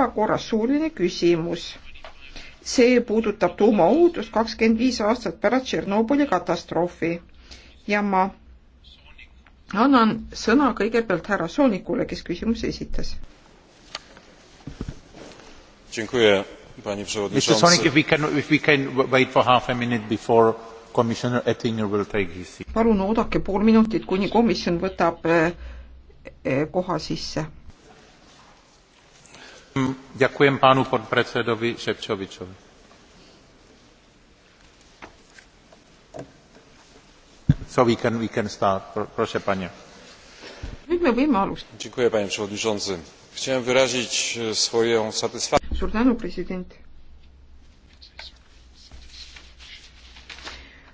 päevakorras suuline küsimus. see puudutab tuumaohutust kakskümmend viis aastat pärast Tšernobõli katastroofi ja ma annan sõna kõigepealt härra Soonikule, kes küsimuse esitas. Mr Soonik, if we can, if we can wait for half a minute before Commissioner Ettinger will take his seat. palun oodake pool minutit, kuni komisjon võtab eh, eh, koha sisse ďakujem pánu podpredsedovi šefčovičovi. panie przewodniczący! chciałem wyrazić e, swoją satysfakcję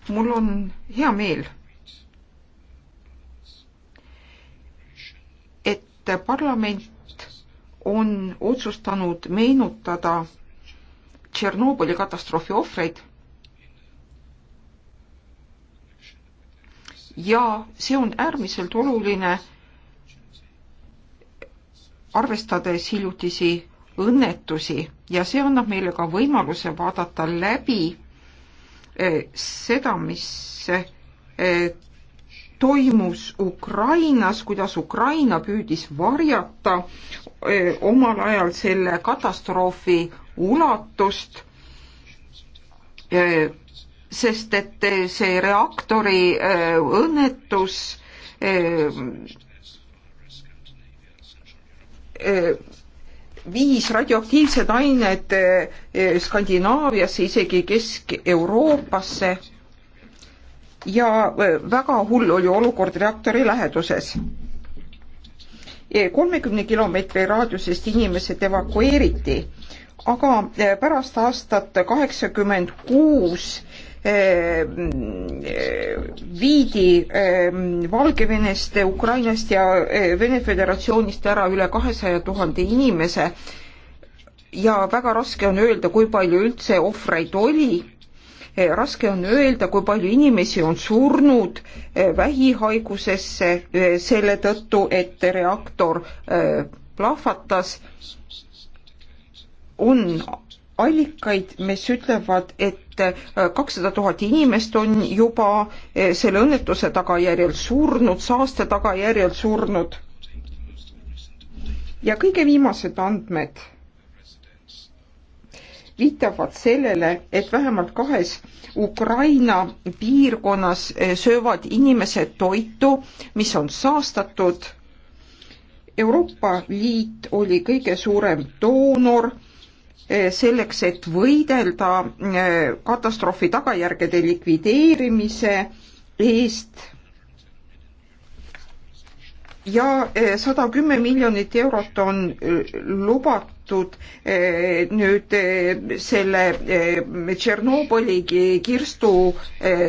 mul on hea meel et parlament on otsustanud meenutada Tšernobõli katastroofi ohvreid. ja see on äärmiselt oluline, arvestades hiljutisi õnnetusi ja see annab meile ka võimaluse vaadata läbi eh, seda, mis eh, toimus Ukrainas, kuidas Ukraina püüdis varjata öö, omal ajal selle katastroofi ulatust, sest et see reaktori öö, õnnetus öö, viis radioaktiivsed ained Skandinaaviasse, isegi Kesk-Euroopasse ja äh, väga hull oli olukord reaktori läheduses. E, kolmekümne kilomeetri raadiusest inimesed evakueeriti, aga äh, pärast aastat kaheksakümmend kuus äh, mm, viidi ähm, Valgevenest, Ukrainast ja Vene Föderatsioonist ära üle kahesaja tuhande inimese ja väga raske on öelda, kui palju üldse ohvreid oli Eh, raske on öelda, kui palju inimesi on surnud eh, vähihaigusesse eh, selle tõttu, et reaktor plahvatas. on allikaid, mis ütlevad, et kakssada tuhat inimest on juba selle õnnetuse tagajärjel surnud, saaste tagajärjel surnud. ja kõige viimased andmed viitavad sellele, et vähemalt kahes Ukraina piirkonnas eh, söövad inimesed toitu, mis on saastatud. Euroopa Liit oli kõige suurem doonor eh, selleks, et võidelda eh, katastroofi tagajärgede likvideerimise eest ja sada kümme miljonit eurot on lubatud seotud eh, nüüd eh, selle eh, Tšernobõli kirstu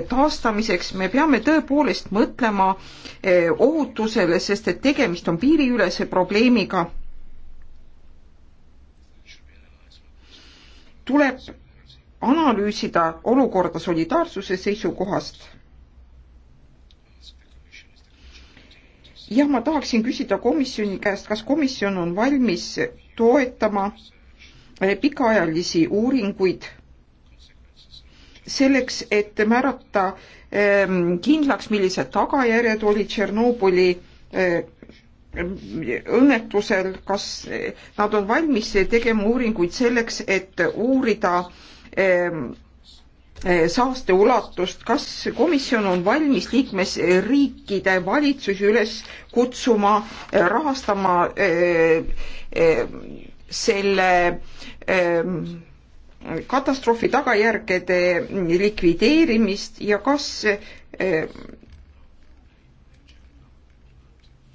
taastamiseks, me peame tõepoolest mõtlema ohutusele, sest et tegemist on piiriülese probleemiga. tuleb analüüsida olukorda solidaarsuse seisukohast jah, ma tahaksin küsida komisjoni käest, kas komisjon on valmis toetama eh, pikaajalisi uuringuid selleks, et määrata ehm, kindlaks, millised tagajärjed olid Tšernobõli eh, õnnetusel, kas eh, nad on valmis tegema uuringuid selleks, et uurida ehm, Eh, saaste ulatust, kas komisjon on valmis liikmesriikide valitsusi üles kutsuma eh, rahastama äh, äh, selle äh, katastroofi tagajärgede likvideerimist ja kas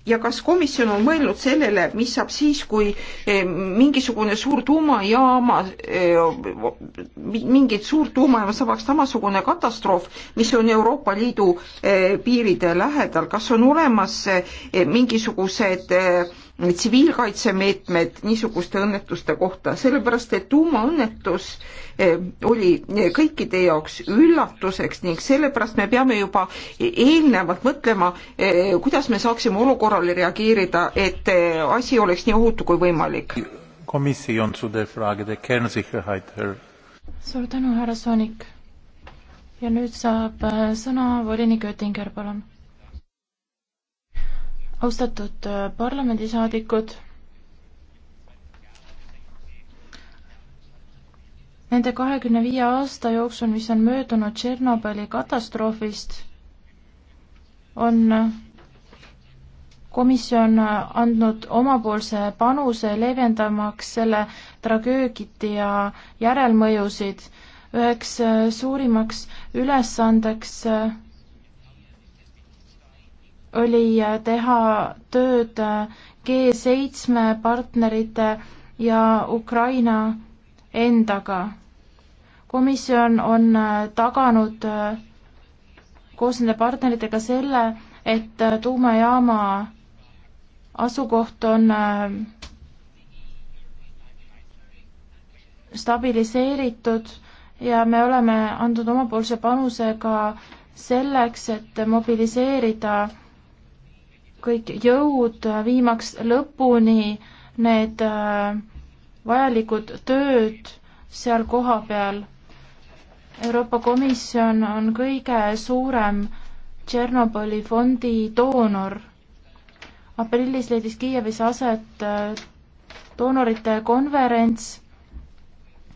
ja kas komisjon on mõelnud sellele, mis saab siis, kui eh, mingisugune suur tuumajaama, eh, mingit suurt tuumajaama saabaks samasugune katastroof, mis on Euroopa Liidu eh, piiride lähedal, kas on olemas mingisugused tsiviilkaitsemeetmed niisuguste õnnetuste kohta, sellepärast et tuumaõnnetus eh, oli kõikide jaoks üllatuseks ning sellepärast me peame juba e-, eelnevalt mõtlema, eh, kuidas me saaksime olukorrale reageerida, et eh, asi oleks nii ohutu kui võimalik. komisjon sudefragide kernsicherheit. suur tänu, härra Soonik. ja nüüd saab sõna volinik Oettinger, palun austatud äh, parlamendisaadikud, nende kahekümne viie aasta jooksul, mis on möödunud Tšernobõli katastroofist, on äh, komisjon äh, andnud omapoolse panuse leevendamaks selle tragöögiti ja järelmõjusid. üheks suurimaks ülesandeks oli äh, teha tööd äh, G7 partnerite ja Ukraina endaga. komisjon on äh, taganud koos nende partneritega selle, et tuumajaama asukoht on stabiliseeritud ja me oleme andnud omapoolse panuse ka selleks, et mobiliseerida kõik jõud viimaks lõpuni need äh, vajalikud tööd seal kohapeal. Euroopa Komisjon on kõige suurem Tšernobõli fondi doonor. aprillis leidis Kiievis aset äh, doonorite konverents.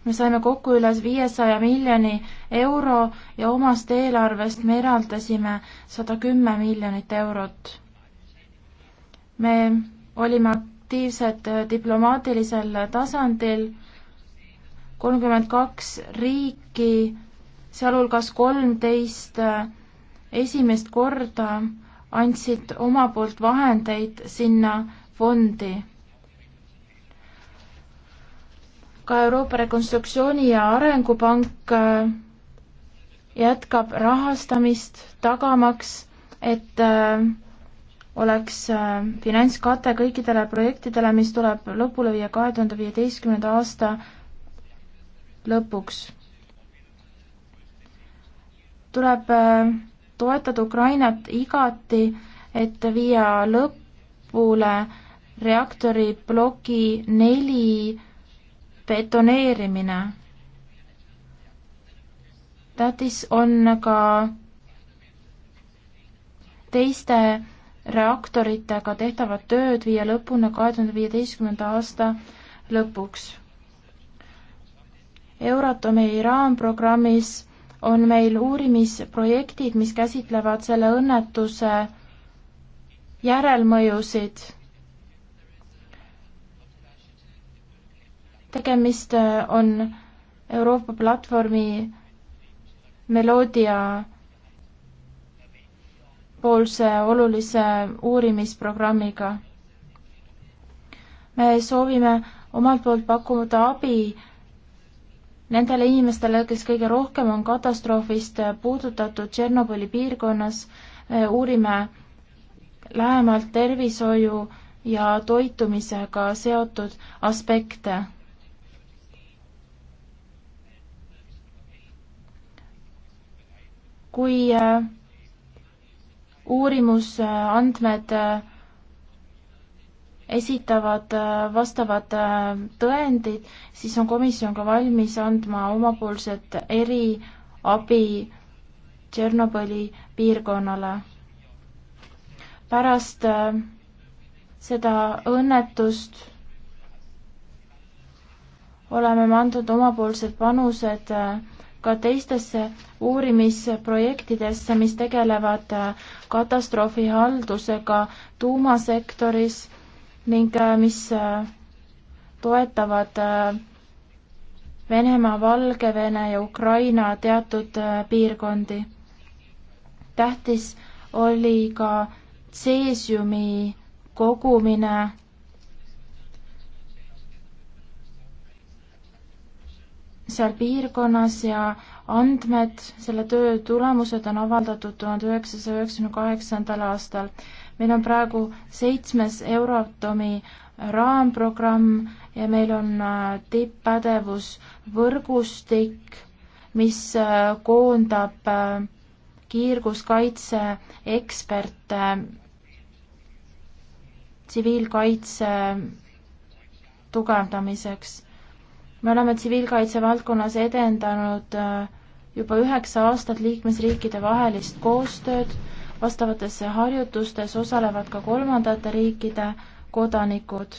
me saime kokku üle viiesaja miljoni euro ja omast eelarvest me eraldasime sada kümme miljonit eurot me olime aktiivsed äh, diplomaatilisel äh, tasandil, kolmkümmend kaks riiki, sealhulgas kolmteist äh, esimest korda andsid oma poolt vahendeid sinna fondi. ka Euroopa Rekonstruktsiooni- ja Arengupank jätkab rahastamist, tagamaks, et äh, oleks äh, finantskate kõikidele projektidele, mis tuleb lõpule viia kahe tuhande viieteistkümnenda aasta lõpuks. tuleb äh, toetada Ukrainat igati, et viia lõpule reaktori ploki neli betoneerimine. tähtis on ka teiste reaktoritega tehtavad tööd viia lõpuni kahe tuhande viieteistkümnenda aasta lõpuks. Euratomi raamprogrammis on meil uurimisprojektid, mis käsitlevad selle õnnetuse järelmõjusid. tegemist on Euroopa platvormi Melodia poolse olulise uurimisprogrammiga. me soovime omalt poolt pakkuda abi nendele inimestele, kes kõige rohkem on katastroofist puudutatud Tšernobõli piirkonnas, uurime lähemalt tervishoiu ja toitumisega seotud aspekte. kui äh, uurimusandmed esitavad vastavad tõendid, siis on komisjon ka valmis andma omapoolset eriabi Tšernobõli piirkonnale. pärast äh, seda õnnetust oleme me andnud omapoolsed panused äh, ka teistesse uurimisprojektidesse, mis tegelevad äh, katastroofihaldusega tuumasektoris ning äh, mis äh, toetavad Venemaa, Valgevene ja Ukraina teatud piirkondi. tähtis oli ka tseesiumi kogumine seal piirkonnas ja andmed selle töö tulemused on avaldatud tuhande üheksasaja üheksakümne kaheksandal aastal. meil on praegu seitsmes Euratomi raamprogramm ja meil on äh, tipppädevus võrgustik, mis äh, koondab äh, kiirguskaitse eksperte tsiviilkaitse tugevdamiseks me oleme tsiviilkaitse valdkonnas edendanud äh, juba üheksa aastat liikmesriikide vahelist koostööd, vastavates harjutustes osalevad ka kolmandate riikide kodanikud.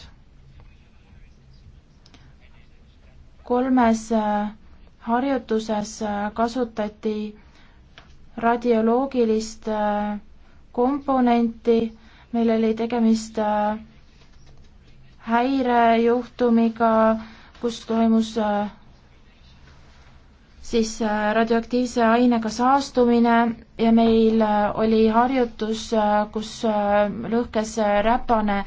kolmes äh, harjutuses äh, kasutati radioloogilist komponenti, meil oli tegemist häirejuhtumiga, kus toimus äh, siis äh, radioaktiivse ainega saastumine ja meil äh, oli harjutus, kus lõhkes räpane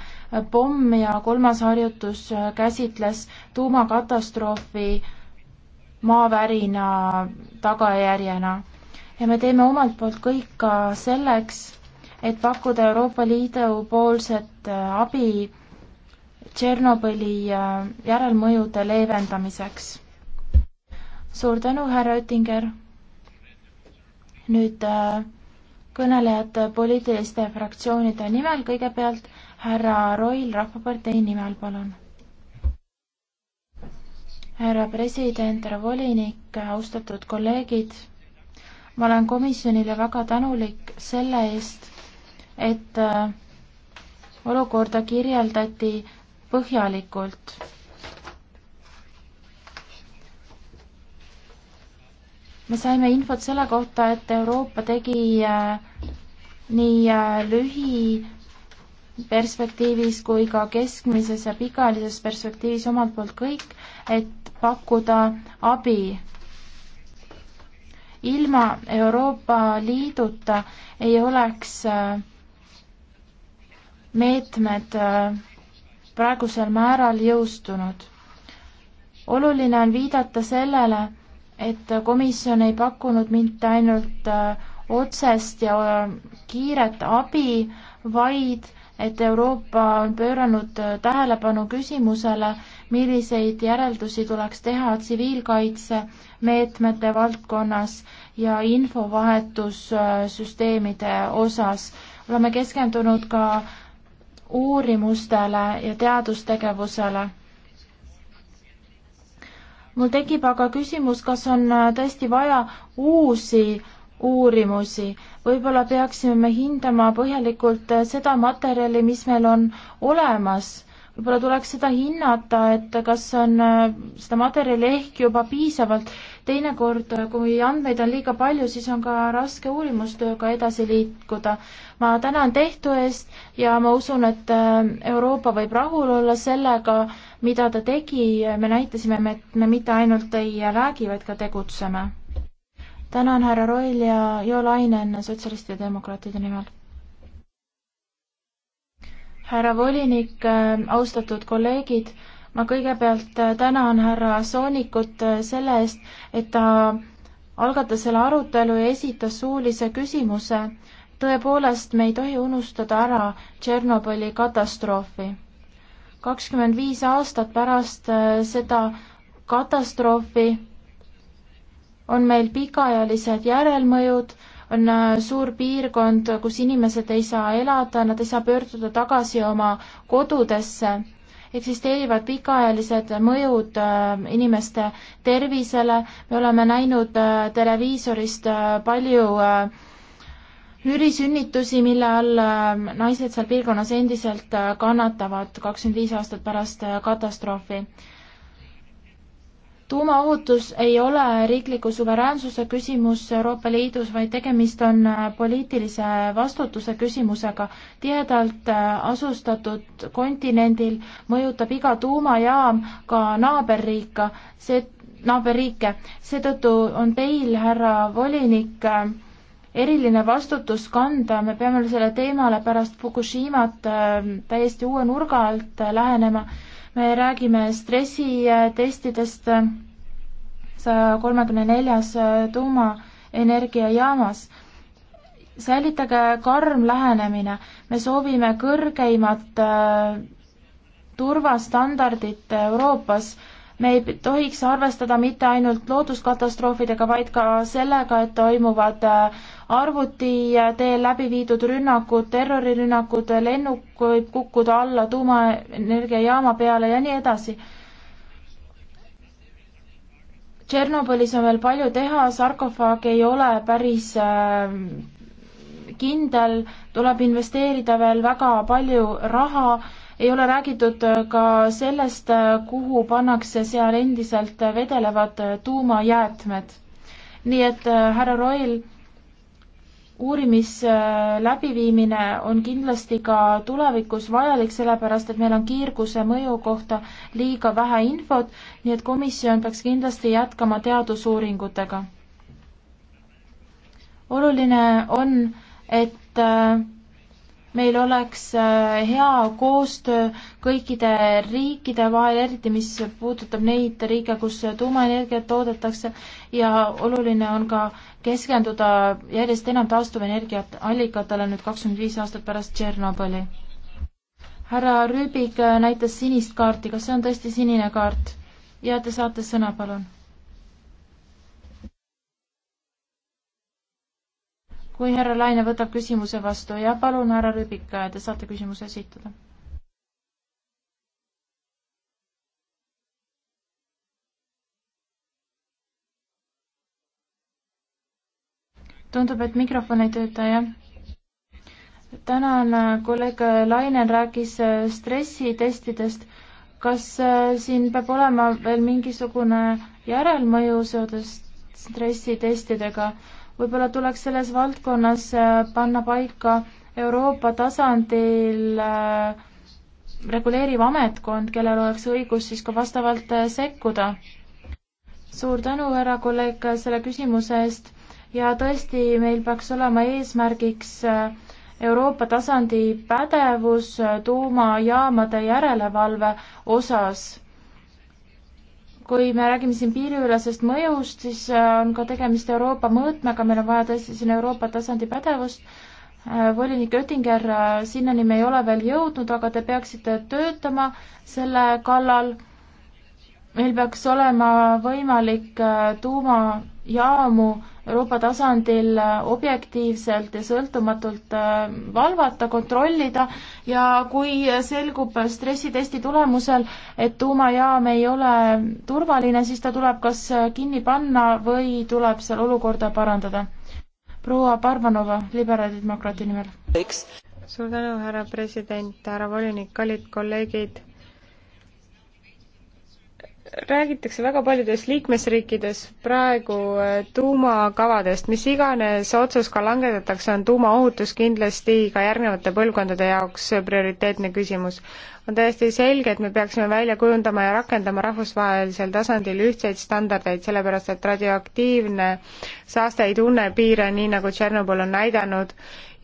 pomm ja kolmas harjutus käsitles tuumakatastroofi maavärina tagajärjena. ja me teeme omalt poolt kõik ka selleks, et pakkuda Euroopa Liidu poolset abi Tšernobõli äh, järelmõjude leevendamiseks. suur tänu, härra Oettinger. nüüd äh, kõnelejad poliitiliste fraktsioonide nimel, kõigepealt härra Roil Rahvapartei nimel, palun. härra president, härra volinik, austatud kolleegid, ma olen komisjonile väga tänulik selle eest, et äh, olukorda kirjeldati põhjalikult. me saime infot selle kohta, et Euroopa tegi äh, nii äh, lühiperspektiivis kui ka keskmises ja pikaajalises perspektiivis omalt poolt kõik, et pakkuda abi ilma Euroopa Liiduta ei oleks äh, meetmed praegusel määral jõustunud. oluline on viidata sellele, et komisjon ei pakkunud mitte ainult äh, otsest ja äh, kiiret abi, vaid et Euroopa on pööranud äh, tähelepanu küsimusele, milliseid järeldusi tuleks teha tsiviilkaitsemeetmete valdkonnas ja infovahetussüsteemide osas. oleme keskendunud ka uurimustele ja teadustegevusele. mul tekib aga küsimus, kas on äh, tõesti vaja uusi uurimusi, võib-olla peaksime me hindama põhjalikult äh, seda materjali, mis meil on olemas võib-olla tuleks seda hinnata, et kas on äh, seda materjali ehk juba piisavalt. teinekord, äh, kui andmeid on liiga palju, siis on ka raske uurimustööga edasi liikuda. ma tänan tehtu eest ja ma usun, et äh, Euroopa võib rahul olla sellega, mida ta tegi, me näitasime, et me mitte ainult ei räägi, vaid ka tegutseme. tänan, härra Roil ja Jo Lainen sotsialistide ja demokraatide nimel härra volinik, äh, austatud kolleegid, ma kõigepealt äh, tänan härra Soonikut äh, selle eest, et ta algatas selle arutelu ja esitas suulise küsimuse. tõepoolest, me ei tohi unustada ära Tšernobõli katastroofi. kakskümmend viis aastat pärast seda katastroofi on meil pikaajalised järelmõjud on äh, suur piirkond, kus inimesed ei saa elada, nad ei saa pöörduda tagasi oma kodudesse. eksisteerivad pikaajalised mõjud äh, inimeste tervisele, me oleme näinud äh, televiisorist palju ürisünnitusi, mille all naised seal piirkonnas endiselt kannatavad kakskümmend viis aastat pärast katastroofi tuumaohutus ei ole riikliku suveräänsuse küsimus Euroopa Liidus, vaid tegemist on äh, poliitilise vastutuse küsimusega. tihedalt äh, asustatud kontinendil mõjutab iga tuumajaam ka naaberriika, see, naaberriike. seetõttu on teil, härra volinik, äh, eriline vastutus kanda, me peame selle teemale pärast Fukushimat täiesti uue nurga alt lähenema me räägime stressitestidest äh, äh, saja kolmekümne neljas äh, tuumaenergiajaamas. säilitage karm lähenemine, me soovime kõrgeimat turvastandardit Euroopas me ei tohiks arvestada mitte ainult looduskatastroofidega, vaid ka sellega, et toimuvad äh, arvuti äh, teel läbi viidud rünnakud, terrorirünnakud, äh, lennuk võib kukkuda alla tuumaenergiajaama peale ja nii edasi. Tšernobõlis on veel palju teha, sarkofaag ei ole päris kindel, tuleb investeerida veel väga palju raha ei ole räägitud äh, ka sellest, äh, kuhu pannakse seal endiselt vedelevad äh, tuumajäätmed. nii et härra Roil, uurimise läbiviimine on kindlasti ka tulevikus vajalik, sellepärast et meil on kiirguse mõju kohta liiga vähe infot, nii et komisjon peaks kindlasti jätkama teadusuuringutega. oluline on, et äh, meil oleks äh, hea koostöö kõikide riikide vahel, eriti mis puudutab neid riike, kus tuumaenergiat toodetakse ja oluline on ka keskenduda järjest enam taastuvenergiat allikatele nüüd kakskümmend viis aastat pärast Tšernobõli. härra Rüübik äh, näitas sinist kaarti, kas see on tõesti sinine kaart? ja te saate sõna, palun kui härra Laine võtab küsimuse vastu ja palun, härra Rüübik, te saate küsimuse esitada. tundub, et mikrofon ei tööta, jah? tänan, kolleeg Laine rääkis äh, stressitestidest. kas äh, siin peab olema veel mingisugune järelmõju seoses stressitestidega? võib-olla tuleks selles valdkonnas äh, panna paika Euroopa tasandil äh, reguleeriv ametkond, kellel oleks õigus siis ka vastavalt äh, sekkuda. suur tänu, härra kolleeg, selle küsimuse eest ja tõesti, meil peaks olema eesmärgiks Euroopa tasandi pädevus tuumajaamade järelevalve osas kui me räägime siin piiriülesest mõjust, siis äh, on ka tegemist Euroopa mõõtmega, meil on vaja tõesti siin Euroopa tasandi pädevust. Äh, volinik Oettinger, äh, sinnani me ei ole veel jõudnud, aga te peaksite töötama selle kallal. meil peaks olema võimalik tuumajaamu Euroopa tasandil objektiivselt ja sõltumatult äh, valvata, kontrollida ja kui selgub stressitesti tulemusel, et tuumajaam ei ole turvaline, siis ta tuleb kas kinni panna või tuleb seal olukorda parandada. proua Parvanova, liberaalidemokraadi nimel. suur tänu, härra president, härra volinik, kallid kolleegid räägitakse väga paljudes liikmesriikides praegu eh, tuumakavadest, mis iganes otsus ka langetatakse, on tuumaohutus kindlasti ka järgnevate põlvkondade jaoks prioriteetne küsimus. on täiesti selge, et me peaksime välja kujundama ja rakendama rahvusvahelisel tasandil ühtseid standardeid, sellepärast et radioaktiivne saaste ei tunne piire, nii nagu Tšernobõl on näidanud,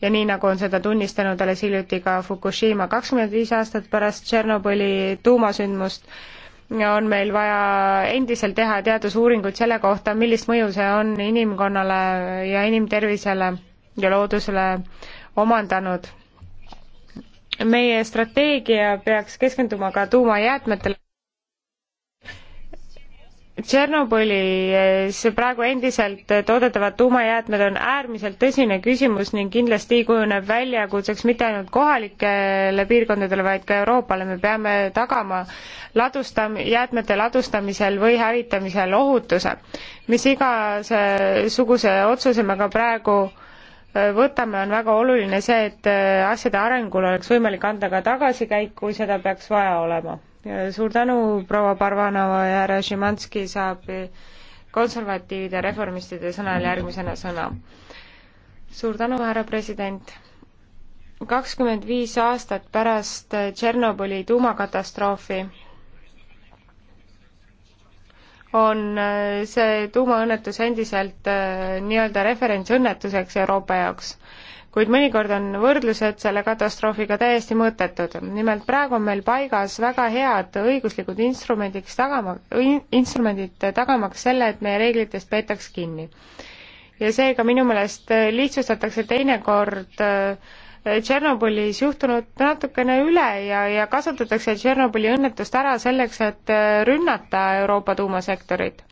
ja nii, nagu on seda tunnistanud alles hiljuti ka Fukushima, kakskümmend viis aastat pärast Tšernobõli tuumasündmust on meil vaja endiselt teha teadusuuringuid selle kohta, millist mõju see on inimkonnale ja inimtervisele ja loodusele omandanud. meie strateegia peaks keskenduma ka tuumajäätmetele Tšernobõlis eh, praegu endiselt toodetavad tuumajäätmed on äärmiselt tõsine küsimus ning kindlasti kujuneb väljakutseks mitte ainult kohalikele piirkondadele, vaid ka Euroopale. me peame tagama ladustam-, jäätmete ladustamisel või hävitamisel ohutuse. mis igasuguse otsuse me ka praegu eh, võtame, on väga oluline see, et eh, asjade arengul oleks võimalik anda ka tagasikäik, kui seda peaks vaja olema suur tänu, proua Parvanova ja härra Šimanski saab konservatiivide reformistide sõnal järgmisena sõna. suur tänu, härra president. kakskümmend viis aastat pärast Tšernobõli tuumakatastroofi on see tuumaõnnetus endiselt äh, nii-öelda referentsõnnetuseks Euroopa jaoks kuid mõnikord on võrdlused selle katastroofiga täiesti mõttetud. nimelt praegu on meil paigas väga head õiguslikud instrumendiks tagama, instrumendid tagamaks selle, et meie reeglitest peetaks kinni. ja seega minu meelest lihtsustatakse teinekord äh, Tšernobõlis juhtunud natukene üle ja, ja kasutatakse Tšernobõli õnnetust ära selleks, et äh, rünnata Euroopa tuumasektorit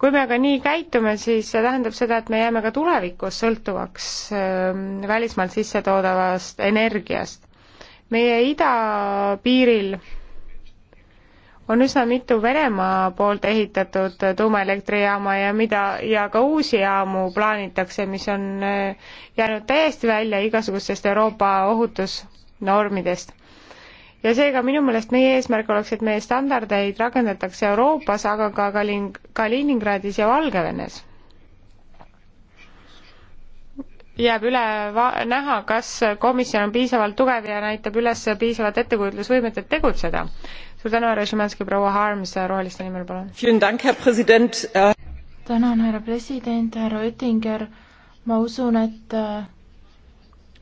kui me aga nii käitume, siis see tähendab seda, et me jääme ka tulevikus sõltuvaks ähm, välismaalt sisse toodavast energiast. meie idapiiril on üsna mitu Venemaa poolt ehitatud tuumaelektrijaama ja mida, ja ka uusi jaamu plaanitakse, mis on äh, jäänud täiesti välja igasugustest Euroopa ohutusnormidest ja seega minu meelest meie eesmärk oleks, et meie standardeid rakendatakse Euroopas, aga ka Kalin-, Kaliningradis ja Valgevenes. jääb üle va-, näha, kas komisjon on piisavalt tugev ja näitab üles piisavat ettekujutlusvõimet, et tegutseda. suur tänu, härra Šimanski, proua Harms Roheliste nimel, palun. tänan, härra president, härra Oettinger, ma usun, et äh,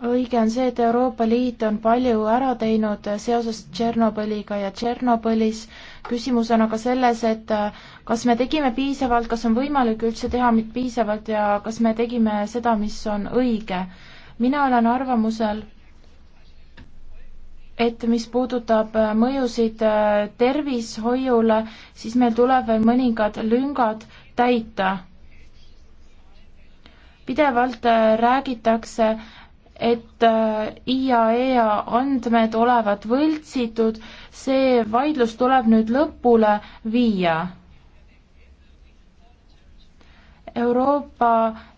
õige on see, et Euroopa Liit on palju ära teinud seoses Tšernobõliga ja Tšernobõlis. küsimus on aga selles, et äh, kas me tegime piisavalt, kas on võimalik üldse teha piisavalt ja kas me tegime seda, mis on õige. mina olen arvamusel, et mis puudutab äh, mõjusid äh, tervishoiule, siis meil tuleb veel mõningad lüngad täita. pidevalt räägitakse et äh, IAEA andmed olevat võltsitud, see vaidlus tuleb nüüd lõpule viia. Euroopa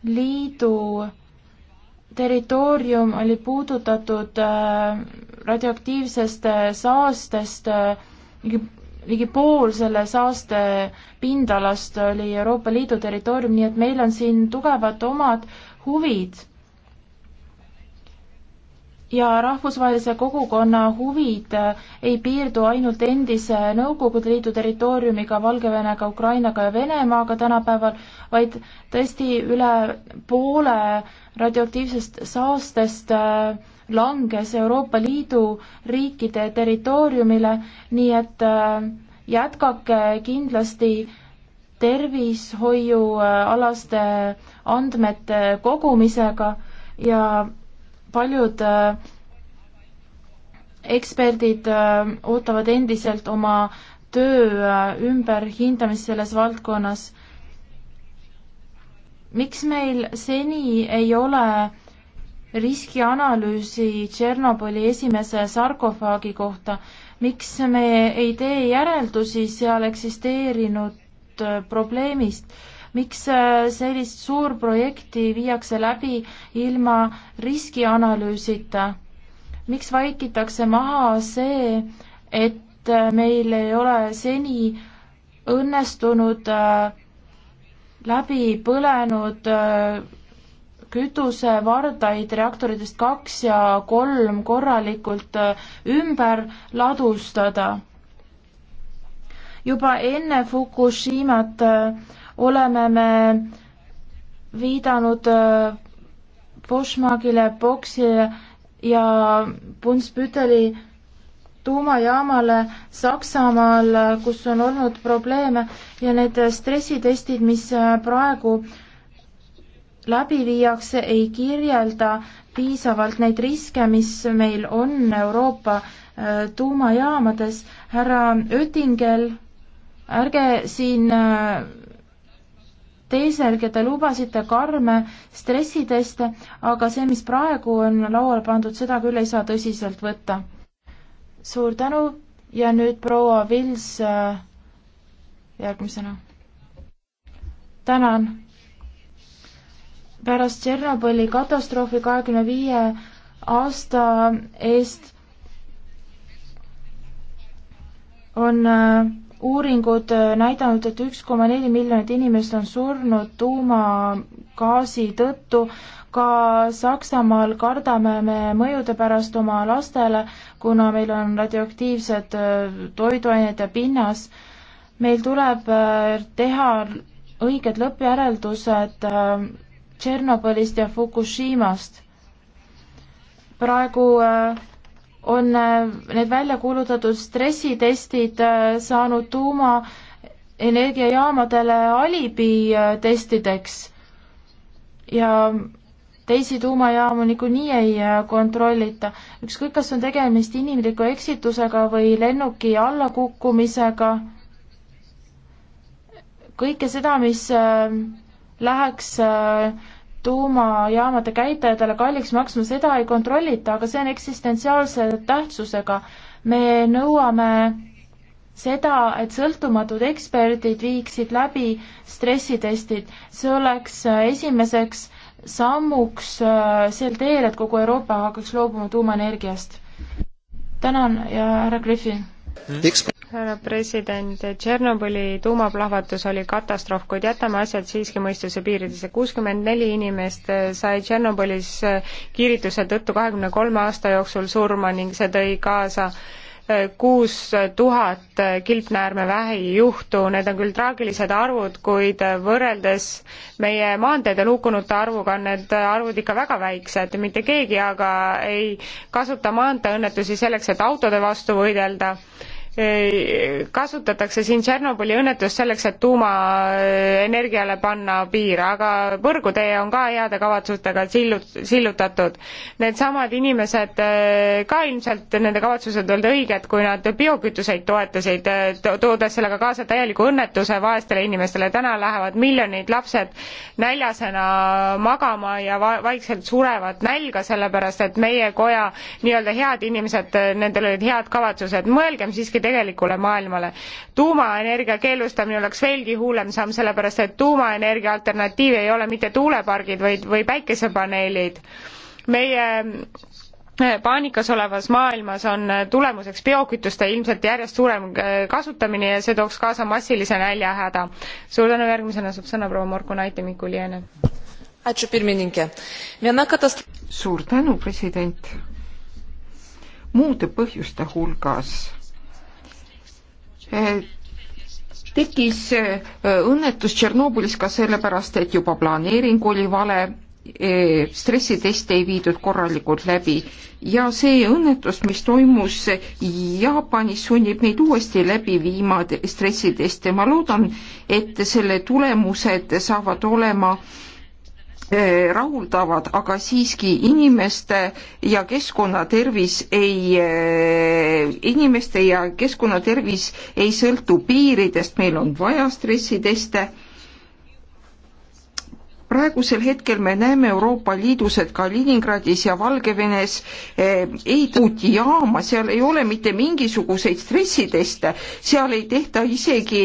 Liidu territoorium oli puudutatud äh, radioaktiivsest äh, saastest, ligi pool selle saaste pindalast oli Euroopa Liidu territoorium, nii et meil on siin tugevad omad huvid ja rahvusvahelise kogukonna huvid ei piirdu ainult endise Nõukogude Liidu territooriumiga, Valgevenega, Ukrainaga ja Venemaaga tänapäeval, vaid tõesti üle poole radioaktiivsest saastest äh, langes Euroopa Liidu riikide territooriumile, nii et äh, jätkake kindlasti tervishoiualaste äh, andmete kogumisega ja paljud äh, eksperdid äh, ootavad endiselt oma töö äh, ümberhindamist selles valdkonnas. miks meil seni ei ole riskianalüüsi Tšernobõli esimese sarkofaagi kohta, miks me ei tee järeldusi seal eksisteerinud probleemist? miks äh, sellist suurprojekti viiakse läbi ilma riskianalüüsita? miks vaikitakse maha see, et äh, meil ei ole seni õnnestunud äh, läbi põlenud kütusevardaid reaktoritest kaks ja kolm korralikult ümber ladustada. juba enne Fukushimat oleme me viidanud Boschmagile, äh, Boksi ja Punspüteli tuumajaamale Saksamaal, kus on olnud probleeme ja need stressitestid, mis äh, praegu läbi viiakse, ei kirjelda piisavalt neid riske, mis meil on Euroopa äh, tuumajaamades. härra Oettingel, ärge siin teeselgi te lubasite karme stressiteste, aga see, mis praegu on lauale pandud, seda küll ei saa tõsiselt võtta. suur tänu ja nüüd proua Vils äh, järgmisena. tänan. pärast Tšernobõli katastroofi kahekümne viie aasta eest on äh, uuringud äh, näidanud, et üks koma neli miljonit inimest on surnud tuumagaasi tõttu. ka Saksamaal kardame me mõjude pärast oma lastele, kuna meil on radioaktiivsed äh, toiduained ja pinnas. meil tuleb äh, teha õiged lõppjäreldused Tšernobõlist ja Fukushimast. praegu äh, on äh, need välja kuulutatud stressitestid äh, saanud tuumaenergiajaamadele alibi äh, testideks ja teisi tuumajaamu niikuinii ei kontrollita. ükskõik, kas on tegemist inimliku eksitusega või lennuki allakukkumisega, kõike seda, mis läheks äh, tuumajaamade käitajatele kalliks maksma, seda ei kontrollita, aga see on eksistentsiaalse tähtsusega. me nõuame seda, et sõltumatud eksperdid viiksid läbi stressitestid, see oleks äh, esimeseks sammuks äh, sel teel, et kogu Euroopa hakkaks loobuma tuumaenergiast. tänan ja härra Griffin härra president, Tšernobõli tuumaplahvatus oli katastroof, kuid jätame asjad siiski mõistuse piiridesse. kuuskümmend neli inimest sai Tšernobõlis kiirituse tõttu kahekümne kolme aasta jooksul surma ning see tõi kaasa kuus tuhat kilpnäärmevähi juhtu, need on küll traagilised arvud, kuid võrreldes meie maanteedel hukkunute arvuga on need arvud ikka väga väiksed, mitte keegi aga ei kasuta maanteeõnnetusi selleks, et autode vastu võidelda kasutatakse siin Tšernobõli õnnetust selleks, et tuumaenergiale panna piir, aga põrgutee on ka heade kavatsustega sillut-, sillutatud. Needsamad inimesed eh, ka ilmselt, nende kavatsused olid õiged, kui nad biokütuseid toetasid, toodes sellega kaasa täieliku õnnetuse vaestele inimestele. täna lähevad miljonid lapsed näljasena magama ja va-, vaikselt surevad nälga, sellepärast et meie koja nii-öelda head inimesed, nendel olid head kavatsused. mõelgem siiski tegelikule maailmale. tuumaenergia keelustamine oleks veelgi hullem samm, sellepärast et tuumaenergia alternatiiv ei ole mitte tuulepargid, vaid, või päikesepaneelid. meie eh, paanikas olevas maailmas on eh, tulemuseks biokütuste ilmselt järjest suurem eh, kasutamine ja see tooks kaasa massilise näljahäda. suur tänu, järgmisena saab sõna proua Morku Naite-Mikuliene. suur tänu, president muude põhjuste hulgas Eh, tekkis eh, õnnetus Tšernobõlis ka sellepärast, et juba planeering oli vale, eh, stressiteste ei viidud korralikult läbi ja see õnnetus, mis toimus Jaapanis, sunnib meid uuesti läbi viima stressiteste. ma loodan, et selle tulemused saavad olema äh, Eh, rahuldavad, aga siiski inimeste ja keskkonna tervis ei, eh, inimeste ja keskkonna tervis ei sõltu piiridest, meil on vaja stressiteste. praegusel hetkel me näeme Euroopa Liidus, et Kaliningradis ja Valgevenes eh, ehitati jaama, seal ei ole mitte mingisuguseid stressiteste, seal ei tehta isegi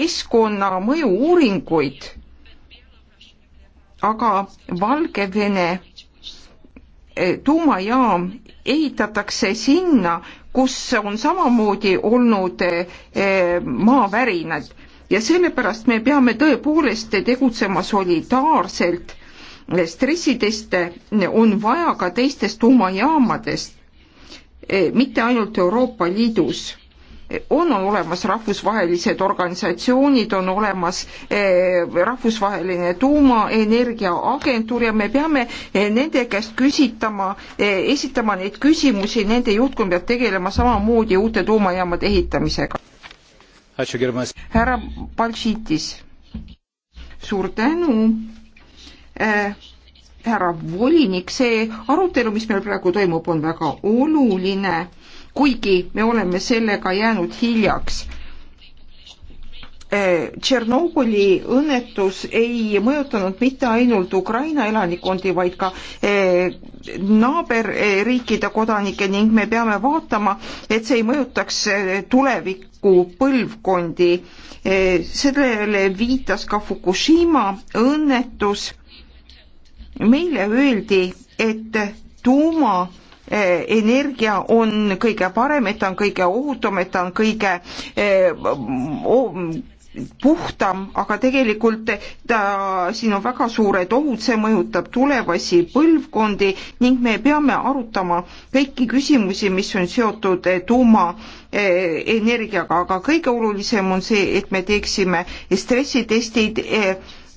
keskkonnamõju uuringuid aga Valgevene eh, tuumajaam ehitatakse sinna, kus on samamoodi olnud eh, maavärinad ja sellepärast me peame tõepoolest tegutsema solidaarselt. stressiteste on vaja ka teistes tuumajaamadest, eh, mitte ainult Euroopa Liidus on, on olemas rahvusvahelised organisatsioonid, on olemas eh, rahvusvaheline tuumaenergiaagentuur ja me peame eh, nende käest küsitama, eh, esitama neid küsimusi, nende juhtkond peab tegelema samamoodi uute tuumajaamade ehitamisega. härra Baltšiitis, suur tänu härra volinik, see arutelu, mis meil praegu toimub, on väga oluline kuigi me oleme sellega jäänud hiljaks. Äh, Tšernobõli õnnetus ei mõjutanud mitte ainult Ukraina elanikkondi, vaid ka äh, naaberriikide kodanikke ning me peame vaatama, et see ei mõjutaks äh, tulevikku põlvkondi. sellele viitas ka Fukushima õnnetus. meile öeldi, et tuuma Eh, energia on kõige parem, et ta on kõige ohutum, et ta on kõige eh, puhtam, aga tegelikult ta, siin on väga suured ohud, see mõjutab tulevasi põlvkondi ning me peame arutama kõiki küsimusi, mis on seotud eh, tuumaenergiaga, aga kõige olulisem on see, et me teeksime stressitestid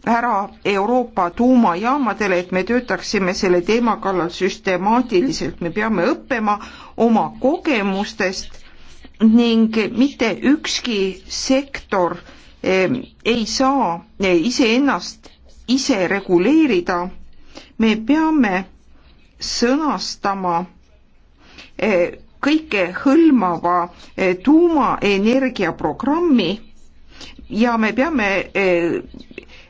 ära Euroopa tuumajaamadele, et me töötaksime selle teema kallal süstemaatiliselt, me peame õppima oma kogemustest ning mitte ükski sektor eh, ei saa eh, iseennast ise reguleerida. me peame sõnastama eh, kõike hõlmava tuumaenergia programmi ja me peame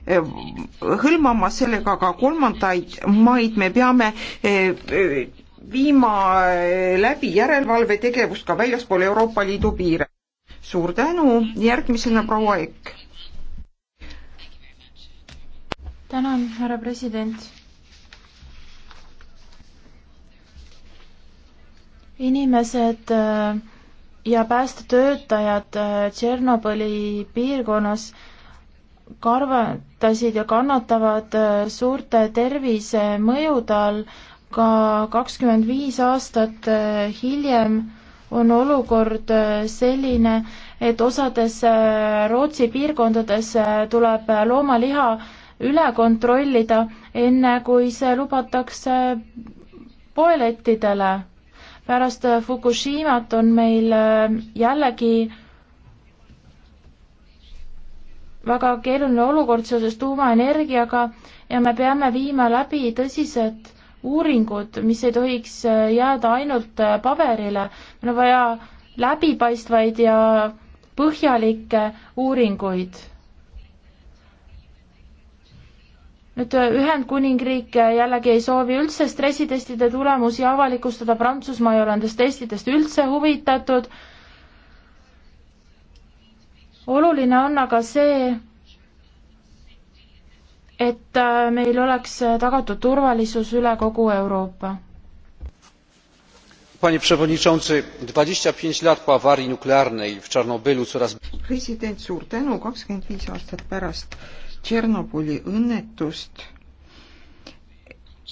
hõlmama sellega ka kolmandaid maid, me peame eh, eh, viima eh, läbi järelevalvetegevust ka väljaspool Euroopa Liidu piire. suur tänu, järgmisena proua Ekk. tänan, härra president. inimesed ja päästetöötajad Tšernobõli piirkonnas karvatasid ja kannatavad äh, suurte tervisemõjude all, ka kakskümmend viis aastat äh, hiljem on olukord äh, selline, et osades Rootsi piirkondades tuleb loomaliha üle kontrollida, enne kui see lubatakse poelettidele. pärast Fukushimat on meil jällegi väga keeruline olukord seoses tuumaenergiaga ja me peame viima läbi tõsised uuringud, mis ei tohiks äh, jääda ainult äh, paberile. meil on vaja läbipaistvaid ja põhjalikke uuringuid. nüüd äh, Ühendkuningriik jällegi ei soovi üldse stressitestide tulemusi avalikustada, Prantsusmaa ei ole nendest testidest üldse huvitatud oluline on aga see, et äh, meil oleks äh, tagatud turvalisus üle kogu Euroopa. Panie przewodniczący, 25 lat po awarii nuklearnej w Czarnobylu coraz president, suur tänu, kakskümmend viis aastat pärast Tšernobõli õnnetust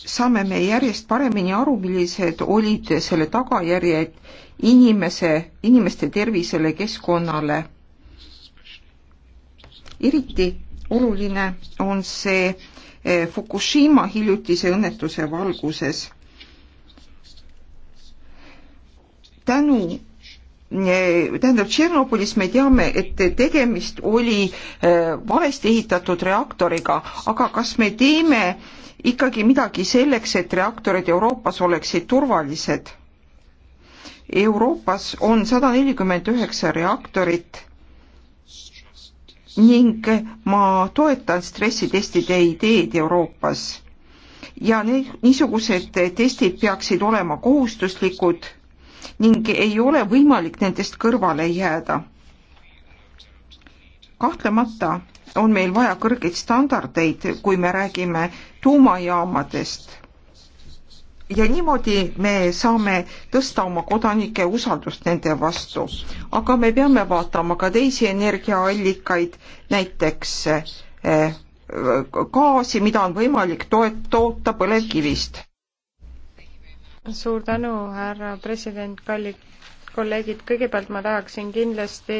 saame me järjest paremini aru, millised olid selle tagajärjed inimese, inimeste tervisele, keskkonnale eriti oluline on see eh, Fukushima hiljutise õnnetuse valguses. tänu eh, tähendab Tšernobõlis me teame, et tegemist oli eh, valesti ehitatud reaktoriga, aga kas me teeme ikkagi midagi selleks, et reaktorid Euroopas oleksid turvalised? Euroopas on sada nelikümmend üheksa reaktorit ning ma toetan stressitestide ideed Euroopas. ja need, niisugused testid peaksid olema kohustuslikud ning ei ole võimalik nendest kõrvale jääda. kahtlemata on meil vaja kõrgeid standardeid, kui me räägime tuumajaamadest ja niimoodi me saame tõsta oma kodanike usaldust nende vastu. aga me peame vaatama ka teisi energiaallikaid, näiteks eh, gaasi, mida on võimalik toet-, toota põlevkivist. suur tänu, härra president, kallid kolleegid, kõigepealt ma tahaksin kindlasti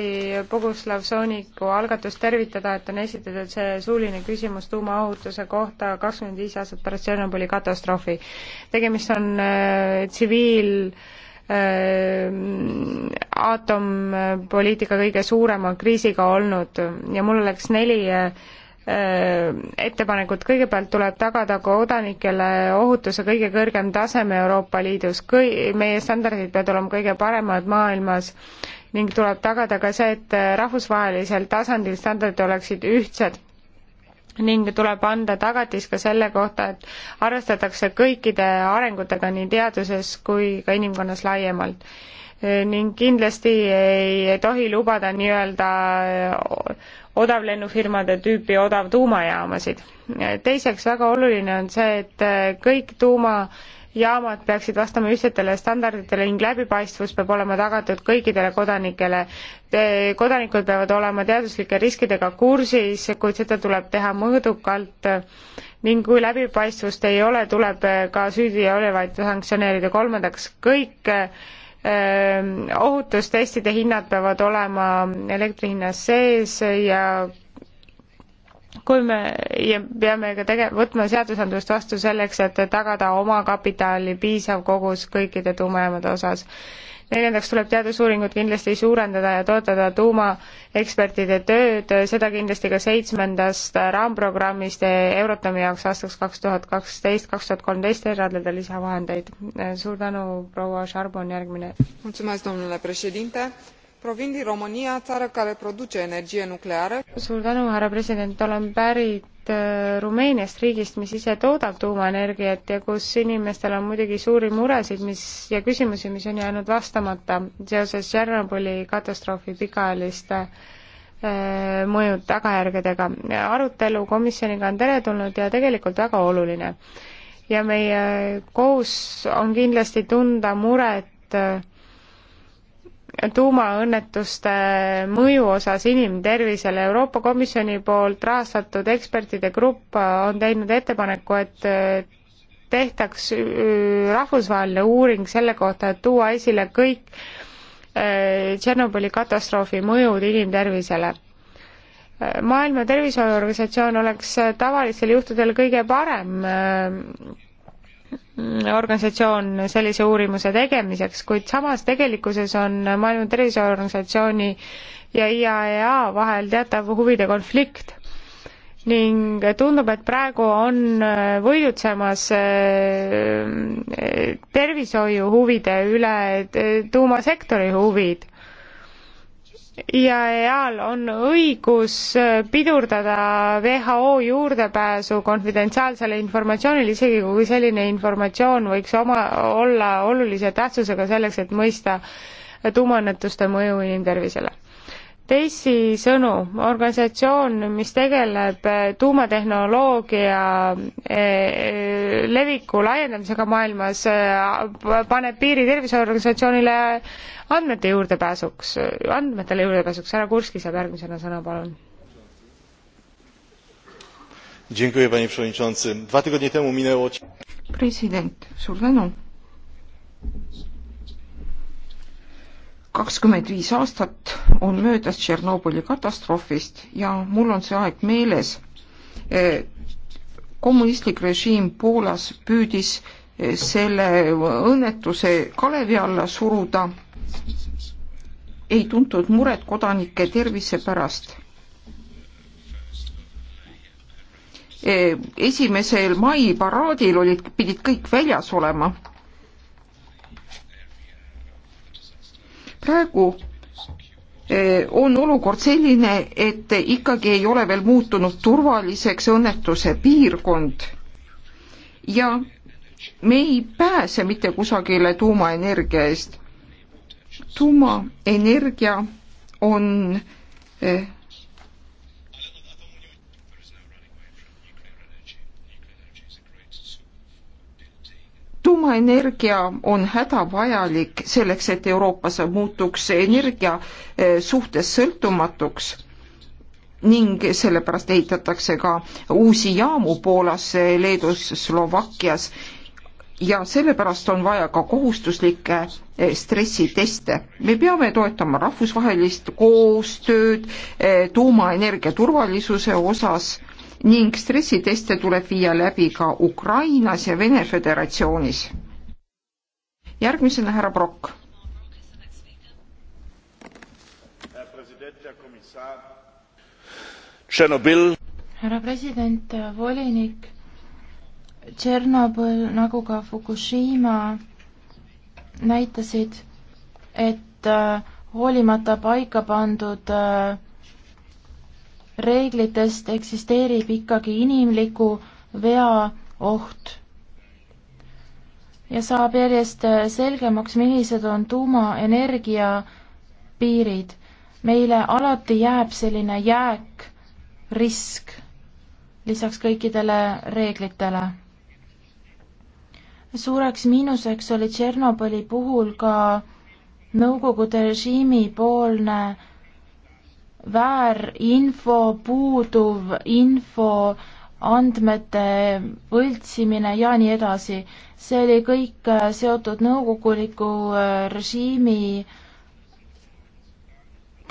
Boguslav Sooniku algatust tervitada, et on esitatud see suuline küsimus tuumaohutuse kohta kakskümmend viis aastat pärast Tšernobõli katastroofi. tegemist on äh, tsiviil äh, aatompoliitika kõige suurema kriisiga olnud ja mul oleks neli äh, ettepanekut, kõigepealt tuleb tagada kodanikele ohutuse kõige kõrgem taseme Euroopa Liidus, kõi-, meie standardid peavad olema kõige paremad maailmas ning tuleb tagada ka see, et rahvusvahelisel tasandil standardid oleksid ühtsed ning tuleb anda tagatis ka selle kohta, et arvestatakse kõikide arengutega nii teaduses kui ka inimkonnas laiemalt ning kindlasti ei tohi lubada nii-öelda odavlennufirmade tüüpi odavtuumajaamasid. teiseks, väga oluline on see, et kõik tuumajaamad peaksid vastama ühtsetele standarditele ning läbipaistvus peab olema tagatud kõikidele kodanikele. kodanikud peavad olema teaduslike riskidega kursis, kuid seda tuleb teha mõõdukalt ning kui läbipaistvust ei ole, tuleb ka süüdi olevaid sanktsioneerida. kolmandaks, kõik Ehm, ohutustestide hinnad peavad olema elektri hinnas sees ja kui me ja peame ka tege-, võtma seadusandlust vastu selleks, et tagada omakapitali piisav kogus kõikide tuumajaamade osas neljandaks tuleb teadusuuringut kindlasti suurendada ja toetada tuumaekspertide tööd, seda kindlasti ka seitsmendast raamprogrammist Eurotami jaoks aastaks kaks tuhat kaksteist, kaks tuhat kolmteist eraldada lisavahendeid. suur tänu, proua Šarbon, järgmine. provin din România, țară care produce energie nucleară. suur tänu, härra president, olen pärit pärit äh, Rumeeniast, riigist, mis ise toodab tuumaenergiat ja kus inimestel on muidugi suuri muresid, mis ja küsimusi, mis on jäänud vastamata seoses Tšernobõli katastroofi pikaajaliste äh, mõjud, tagajärgedega. arutelu komisjoniga on teretulnud ja tegelikult väga oluline. ja meie kohus on kindlasti tunda muret äh, tuumaõnnetuste mõju osas inimtervisele. Euroopa Komisjoni poolt rahastatud ekspertide grupp on teinud ettepaneku, et äh, tehtaks äh, rahvusvaheline uuring selle kohta, et tuua esile kõik äh, Tšernobõli katastroofi mõjud inimtervisele. maailma Terviseorganisatsioon oleks tavalistel juhtudel kõige parem Mm, organisatsioon sellise uurimuse tegemiseks, kuid samas tegelikkuses on Maailma Terviseorganisatsiooni ja IAEA e vahel teatav huvide konflikt ning tundub, et praegu on äh, võidutsemas äh, tervishoiu huvide üle äh, tuumasektori huvid ja EAL on õigus pidurdada WHO juurdepääsu konfidentsiaalsele informatsioonile, isegi kui selline informatsioon võiks oma, olla olulise tähtsusega selleks, et mõista tuumaõnnetuste mõju inimtervisele teisisõnu, organisatsioon, mis tegeleb eh, tuumatehnoloogia eh, eh, leviku laiendamisega maailmas, paneb piiri terviseorganisatsioonile andmete juurdepääsuks, andmetele juurdepääsuks, härra Kurski saab järgmisena sõna, palun. president, suur tänu kakskümmend viis aastat on möödas Tšernobõli katastroofist ja mul on see aeg meeles. kommunistlik režiim Poolas püüdis eh, selle õnnetuse kalevi alla suruda. ei tuntud muret kodanike tervise pärast. Eh, esimesel mai paraadil olid, pidid kõik väljas olema praegu eh, on olukord selline, et ikkagi ei ole veel muutunud turvaliseks õnnetuse piirkond ja me ei pääse mitte kusagile tuumaenergia eest. tuumaenergia on eh, tuumaenergia on hädavajalik selleks, et Euroopa muutuks energia eh, suhtes sõltumatuks ning sellepärast ehitatakse ka uusi jaamu Poolas, Leedus, Slovakkias ja sellepärast on vaja ka kohustuslikke eh, stressiteste. me peame toetama rahvusvahelist koostööd eh, tuumaenergia turvalisuse osas ning stressiteste tuleb viia läbi ka Ukrainas ja Vene Föderatsioonis. järgmisena härra Brock. härra president, volinik, Tšernobõl nagu ka Fukushima näitasid, et äh, hoolimata paika pandud äh, reeglitest eksisteerib ikkagi inimliku vea oht. ja saab järjest selgemaks, millised on tuumaenergia piirid. meile alati jääb selline jääk, risk, lisaks kõikidele reeglitele. suureks miinuseks oli Tšernobõli puhul ka Nõukogude režiimi poolne väärinfo, puuduv info, andmete võltsimine ja nii edasi. see oli kõik äh, seotud nõukoguliku äh, režiimi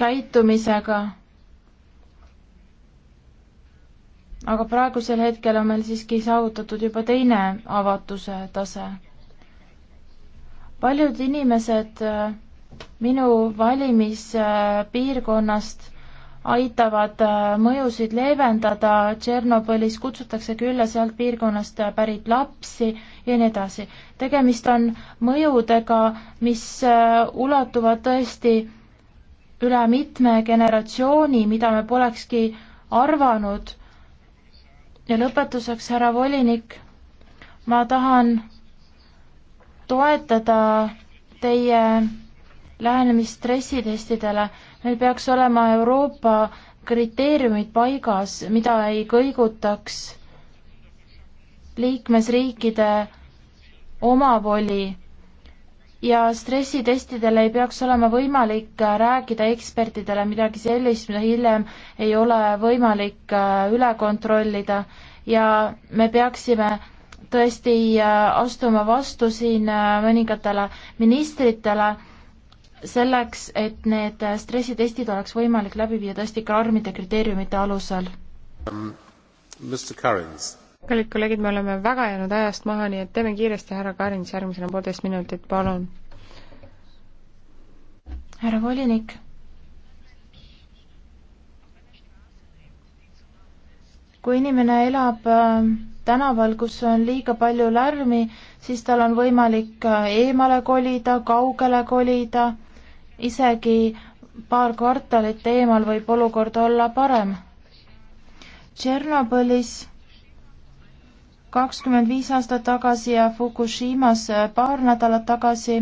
käitumisega. aga praegusel hetkel on meil siiski saavutatud juba teine avatuse tase. paljud inimesed äh, minu valimispiirkonnast aitavad äh, mõjusid leevendada, Tšernobõlis kutsutakse külla sealt piirkonnast pärit lapsi ja nii edasi. tegemist on mõjudega, mis äh, ulatuvad tõesti üle mitme generatsiooni, mida me polekski arvanud. ja lõpetuseks, härra volinik, ma tahan toetada teie lähenemist stressitestidele. meil peaks olema Euroopa kriteeriumid paigas, mida ei kõigutaks liikmesriikide omavoli ja stressitestidel ei peaks olema võimalik rääkida ekspertidele midagi sellist, mida hiljem ei ole võimalik äh, üle kontrollida ja me peaksime tõesti äh, astuma vastu siin äh, mõningatele ministritele selleks, et need stressitestid oleks võimalik läbi viia tõesti karmide kriteeriumite alusel um,. kallid kolleegid, me oleme väga jäänud ajast maha, nii et teeme kiiresti, härra Karins, järgmisena poolteist minutit, palun. härra volinik. kui inimene elab äh, tänaval, kus on liiga palju lärmi, siis tal on võimalik äh, eemale kolida, kaugele kolida isegi paar kvartalit eemal võib olukord olla parem. Tšernobõlis kakskümmend viis aastat tagasi ja Fukushimas äh, paar nädalat tagasi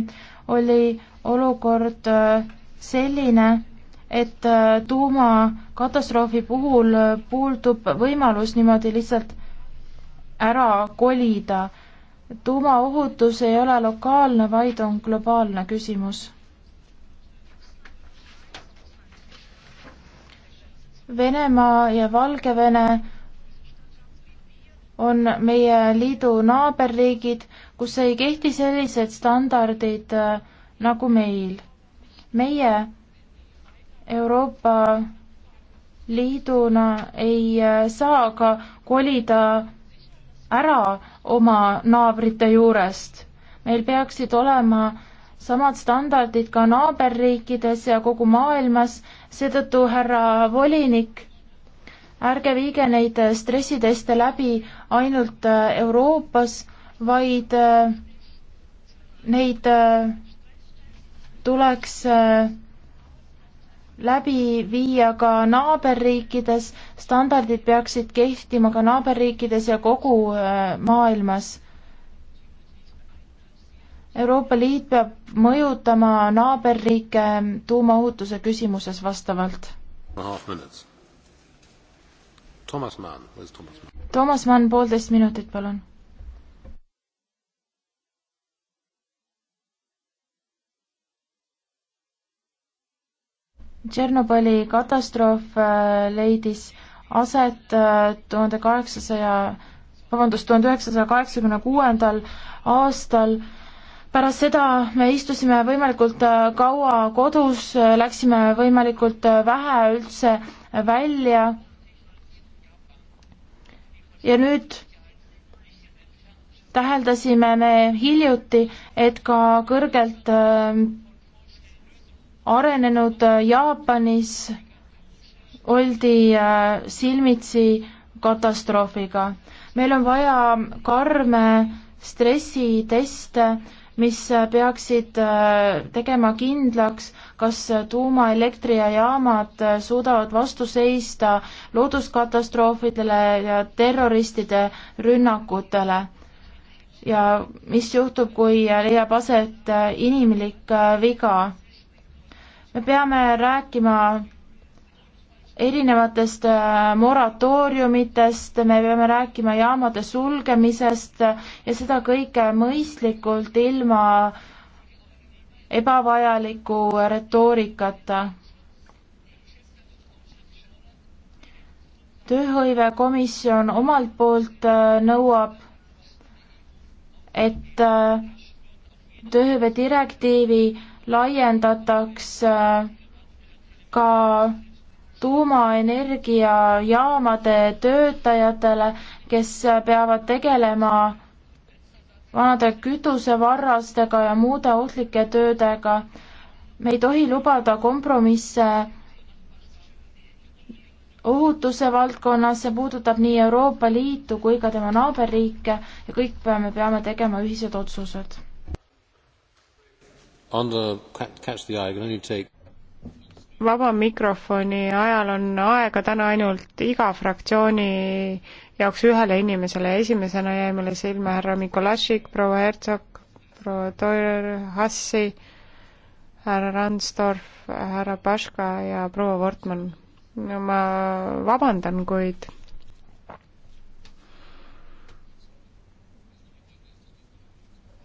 oli olukord äh, selline, et äh, tuumakatastroofi puhul puudub võimalus niimoodi lihtsalt ära kolida. tuumaohutus ei ole lokaalne, vaid on globaalne küsimus Venemaa ja Valgevene on meie liidu naaberriigid, kus ei kehti sellised standardid äh, nagu meil. meie Euroopa Liiduna ei äh, saa ka kolida ära oma naabrite juurest. meil peaksid olema samad standardid ka naaberriikides ja kogu maailmas, seetõttu, härra volinik, ärge viige neid stressiteste läbi ainult äh, Euroopas, vaid äh, neid äh, tuleks läbi viia ka naaberriikides, standardid peaksid kehtima ka naaberriikides ja kogu maailmas Euroopa Liit peab mõjutama naaberriike tuumaohutuse küsimuses vastavalt. Thomas Mann, Thomas Mann? Thomas Mann, poolteist minutit, palun. Tšernobõli katastroof äh, leidis aset äh, tuhande kaheksasaja, vabandust, tuhande üheksasaja kaheksakümne kuuendal aastal pärast seda me istusime võimalikult äh, kaua kodus, äh, läksime võimalikult äh, vähe üldse välja. ja nüüd täheldasime me hiljuti, et ka kõrgelt ähm, arenenud Jaapanis oldi silmitsi katastroofiga. meil on vaja karme stressiteste mis äh, peaksid äh, tegema kindlaks, kas äh, tuumaelektrijaamad suudavad vastu seista looduskatastroofidele ja terroristide rünnakutele. ja mis juhtub, kui leiab aset inimlik viga. me peame rääkima erinevatest äh, moratooriumitest, me peame rääkima jaamade sulgemisest ja seda kõike mõistlikult, ilma ebavajaliku retoorikata. tööhõivekomisjon omalt poolt äh, nõuab, et äh, tööhõive direktiivi laiendataks ka tuumaenergiajaamade töötajatele, kes peavad tegelema vanade kütusevarrastega ja muude ohtlike töödega. me ei tohi lubada kompromisse ohutuse valdkonnas, see puudutab nii Euroopa Liitu kui ka tema naaberriike ja kõik peame, peame tegema ühised otsused. On the catch the eye, I can only take vaba mikrofoni ajal on aega täna ainult iga fraktsiooni jaoks ühele inimesele. esimesena jäi mulle silma härra Mikolašik, proua Hertsog, proua Toiler, Hassi, härra Randstorf, härra Paška ja proua Wortmann. no ma vabandan, kuid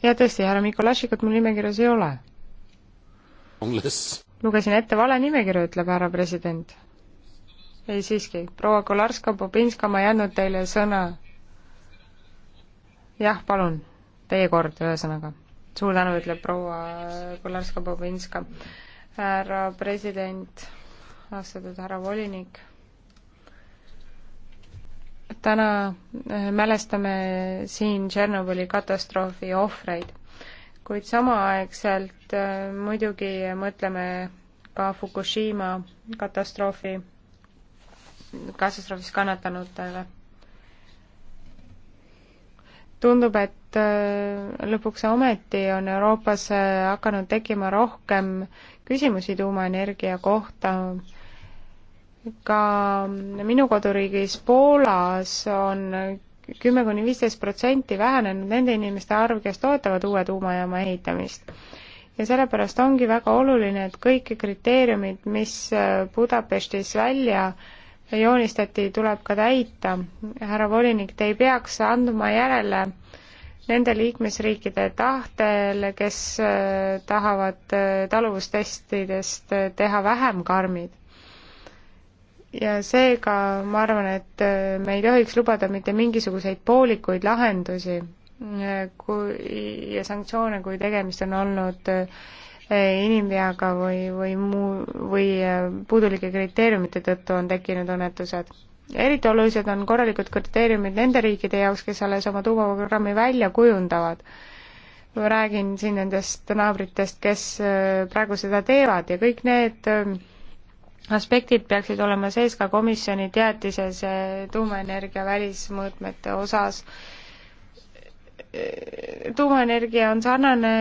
jaa, tõesti, härra Mikolašikut mul nimekirjas ei ole. Unless lugesin ette vale nimekirja, ütleb härra president. ei siiski, proua Kolarska-Bobinska, ma ei andnud teile sõna. jah, palun, teie kord, ühesõnaga. suur tänu, ütleb proua Kolarska-Bobinska. härra president, austatud härra volinik täna eh, mälestame siin Tšernobõli katastroofi ohvreid kuid samaaegselt äh, muidugi mõtleme ka Fukushima katastroofi, katastroofis kannatanutele. tundub, et äh, lõpuks ometi on Euroopas äh, hakanud tekkima rohkem küsimusi tuumaenergia kohta, ka minu koduriigis Poolas on kümme kuni viisteist protsenti vähenenud nende inimeste arv, kes toetavad uue tuumajaama ehitamist. ja sellepärast ongi väga oluline, et kõik kriteeriumid, mis äh, Budapestis välja joonistati, tuleb ka täita. härra volinik, te ei peaks andma järele nende liikmesriikide tahtele, kes äh, tahavad äh, taluvustestidest teha vähem karmid ja seega ma arvan, et äh, me ei tohiks lubada mitte mingisuguseid poolikuid lahendusi äh, kui, ja sanktsioone, kui tegemist on olnud äh, inimveaga või, või muu, või puudulike kriteeriumite tõttu on tekkinud õnnetused. eriti olulised on korralikud kriteeriumid nende riikide jaoks, kes alles oma tuumaprogrammi välja kujundavad ma räägin siin nendest naabritest, kes praegu seda teevad ja kõik need aspektid peaksid olema sees ka komisjoni teatises eh, tuumaenergia välismõõtmete osas. Eh, tuumaenergia on sarnane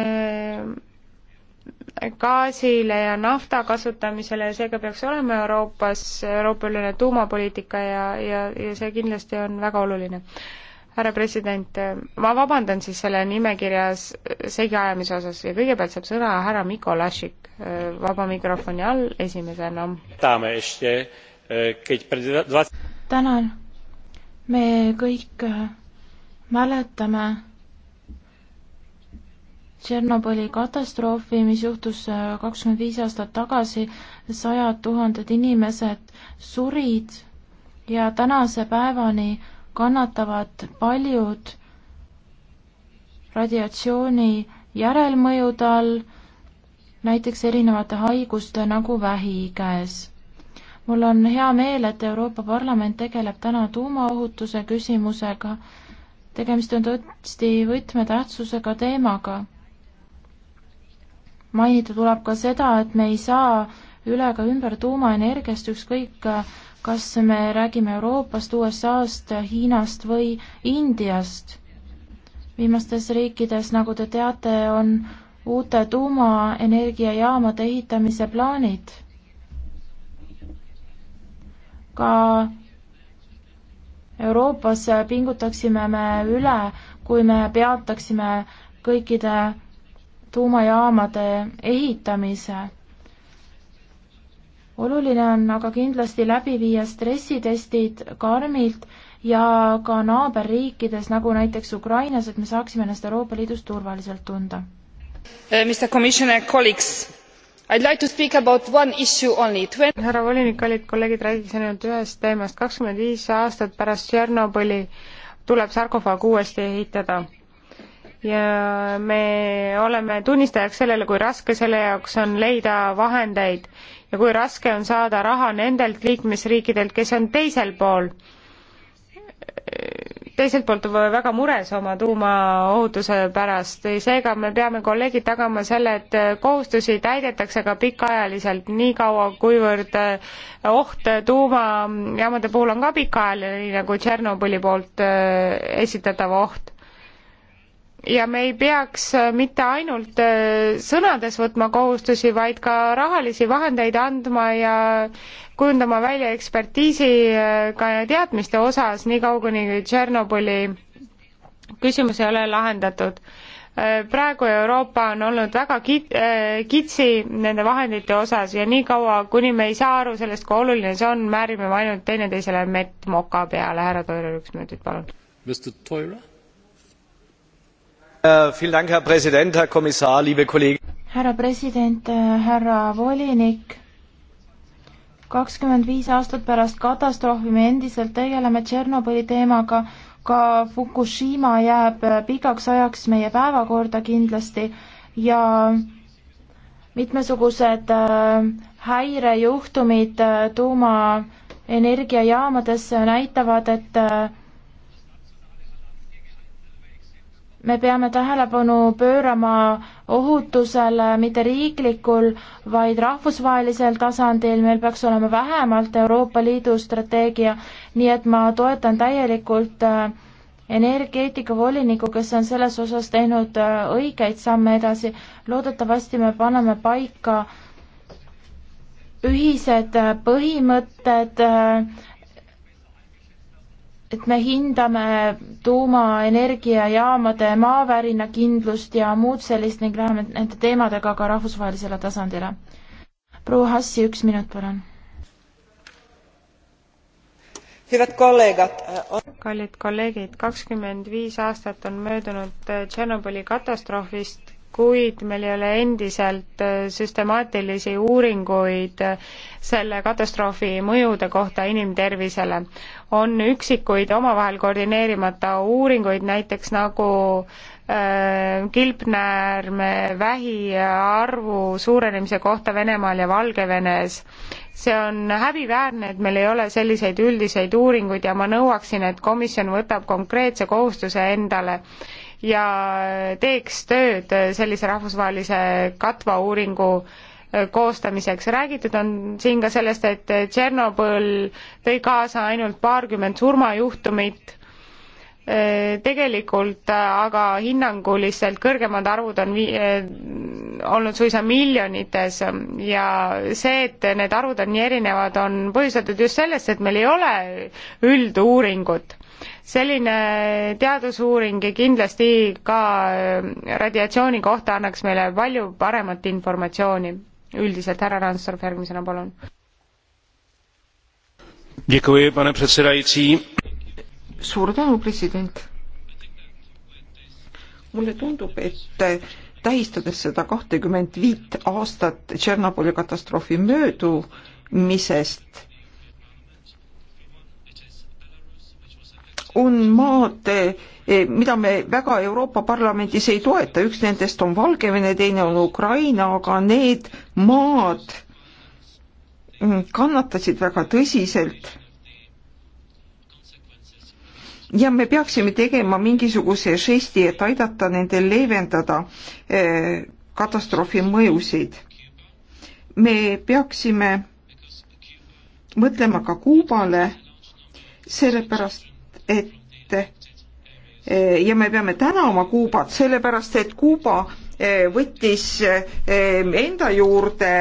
eh, gaasile ja nafta kasutamisele ja seega peaks olema Euroopas Euroopa-ülene tuumapoliitika ja, ja, ja see kindlasti on väga oluline. härra president, ma vabandan siis selle nimekirjas segiajamise osas ja kõigepealt saab sõna härra Mikolašik Äh, vaba mikrofoni all esimesena. Äh, tänan. me kõik äh, mäletame Tšernobõli katastroofi, mis juhtus kakskümmend viis aastat tagasi, sajad tuhanded inimesed surid ja tänase päevani kannatavad paljud radiatsiooni järelmõjude all näiteks erinevate haiguste nagu vähi käes. mul on hea meel, et Euroopa Parlament tegeleb täna tuumaohutuse küsimusega. tegemist on tõesti võtmetähtsusega teemaga. mainida tuleb ka seda, et me ei saa üle ega ümber tuumaenergiast, ükskõik kas me räägime Euroopast, USA-st, Hiinast või Indiast. viimastes riikides, nagu te teate, on uute tuumaenergiajaamade ehitamise plaanid. ka Euroopas pingutaksime me üle, kui me peataksime kõikide tuumajaamade ehitamise. oluline on aga kindlasti läbi viia stressitestid karmilt ja ka naaberriikides, nagu näiteks Ukrainas, et me saaksime ennast Euroopa Liidus turvaliselt tunda Uh, härra volinik kallid kolleegid räägiksin ainult ühest teemast kakskümmend viis aastat pärast tšernobõli tuleb sarkofaag uuesti ehitada ja me oleme tunnistajaks sellele kui raske selle jaoks on leida vahendeid ja kui raske on saada raha nendelt liikmesriikidelt kes on teisel pool teiselt poolt oleme väga mures oma tuumaohutuse pärast, seega me peame, kolleegid, tagama selle, et kohustusi täidetakse ka pikaajaliselt, niikaua kuivõrd eh, oht tuumajaamade puhul on ka pikaajaline, nii nagu Tšernobõli poolt eh, esitatav oht ja me ei peaks eh, mitte ainult sõnades võtma kohustusi, vaid ka rahalisi vahendeid andma ja kujundama välja ekspertiisiga äh, ja teadmiste osas, niikaua kuni Tšernobõli küsimus ei ole lahendatud. Äh, praegu Euroopa on olnud väga kit-, äh, kitsi nende vahendite osas ja niikaua, kuni me ei saa aru sellest, kui oluline see on, määrime me ainult teineteisele mett moka peale. härra Toiler, üks minutit, palun. härra president, härra volinik kakskümmend viis aastat pärast katastroofi me endiselt tegeleme Tšernobõli teemaga, ka Fukushima jääb pikaks ajaks meie päevakorda kindlasti ja mitmesugused äh, häirejuhtumid äh, tuumaenergiajaamades näitavad, et äh, me peame tähelepanu pöörama ohutusele mitte riiklikul, vaid rahvusvahelisel tasandil, meil peaks olema vähemalt Euroopa Liidu strateegia, nii et ma toetan täielikult äh, energeetikavoliniku, kes on selles osas teinud äh, õigeid samme edasi, loodetavasti me paneme paika ühised äh, põhimõtted et me hindame tuumaenergiajaamade maavärinakindlust ja muud sellist ning läheme nende teemadega ka rahvusvahelisele tasandile. proua Hassi, üks minut, palun. kallid kolleegid, kakskümmend viis aastat on möödunud Tšernobõli katastroofist, kuid meil ei ole endiselt äh, süstemaatilisi uuringuid äh, selle katastroofi mõjude kohta inimtervisele. on üksikuid omavahel koordineerimata uuringuid, näiteks nagu äh, kilpnäärmevähi arvu suurenemise kohta Venemaal ja Valgevenes. see on häbiväärne, et meil ei ole selliseid üldiseid uuringuid ja ma nõuaksin, et komisjon võtab konkreetse kohustuse endale äh, ja teeks tööd sellise rahvusvahelise katva uuringu äh, koostamiseks. räägitud on siin ka sellest, et Tšernobõl tõi kaasa ainult paarkümmend surmajuhtumit, äh, tegelikult aga hinnanguliselt kõrgemad arvud on vi-, äh, olnud suisa miljonites ja see, et need arvud on nii erinevad, on põhjustatud just sellest, et meil ei ole ülduuringut selline teadusuuring ja kindlasti ka äh, radiatsiooni kohta annaks meile palju paremat informatsiooni. üldiselt, härra Randstorf, järgmisena palun. suur tänu, president. mulle tundub, et tähistades seda kahtekümmet viit aastat Tšernobõli katastroofi möödumisest, on maad, eh, mida me väga Euroopa Parlamendis ei toeta, üks nendest on Valgevene, teine on Ukraina, aga need maad mm, kannatasid väga tõsiselt. ja me peaksime tegema mingisuguse žesti, et aidata nendel leevendada eh, katastroofi mõjusid. me peaksime mõtlema ka Kuubale, sellepärast et eh, ja me peame tänama Kuubat, sellepärast et Kuuba eh, võttis eh, enda juurde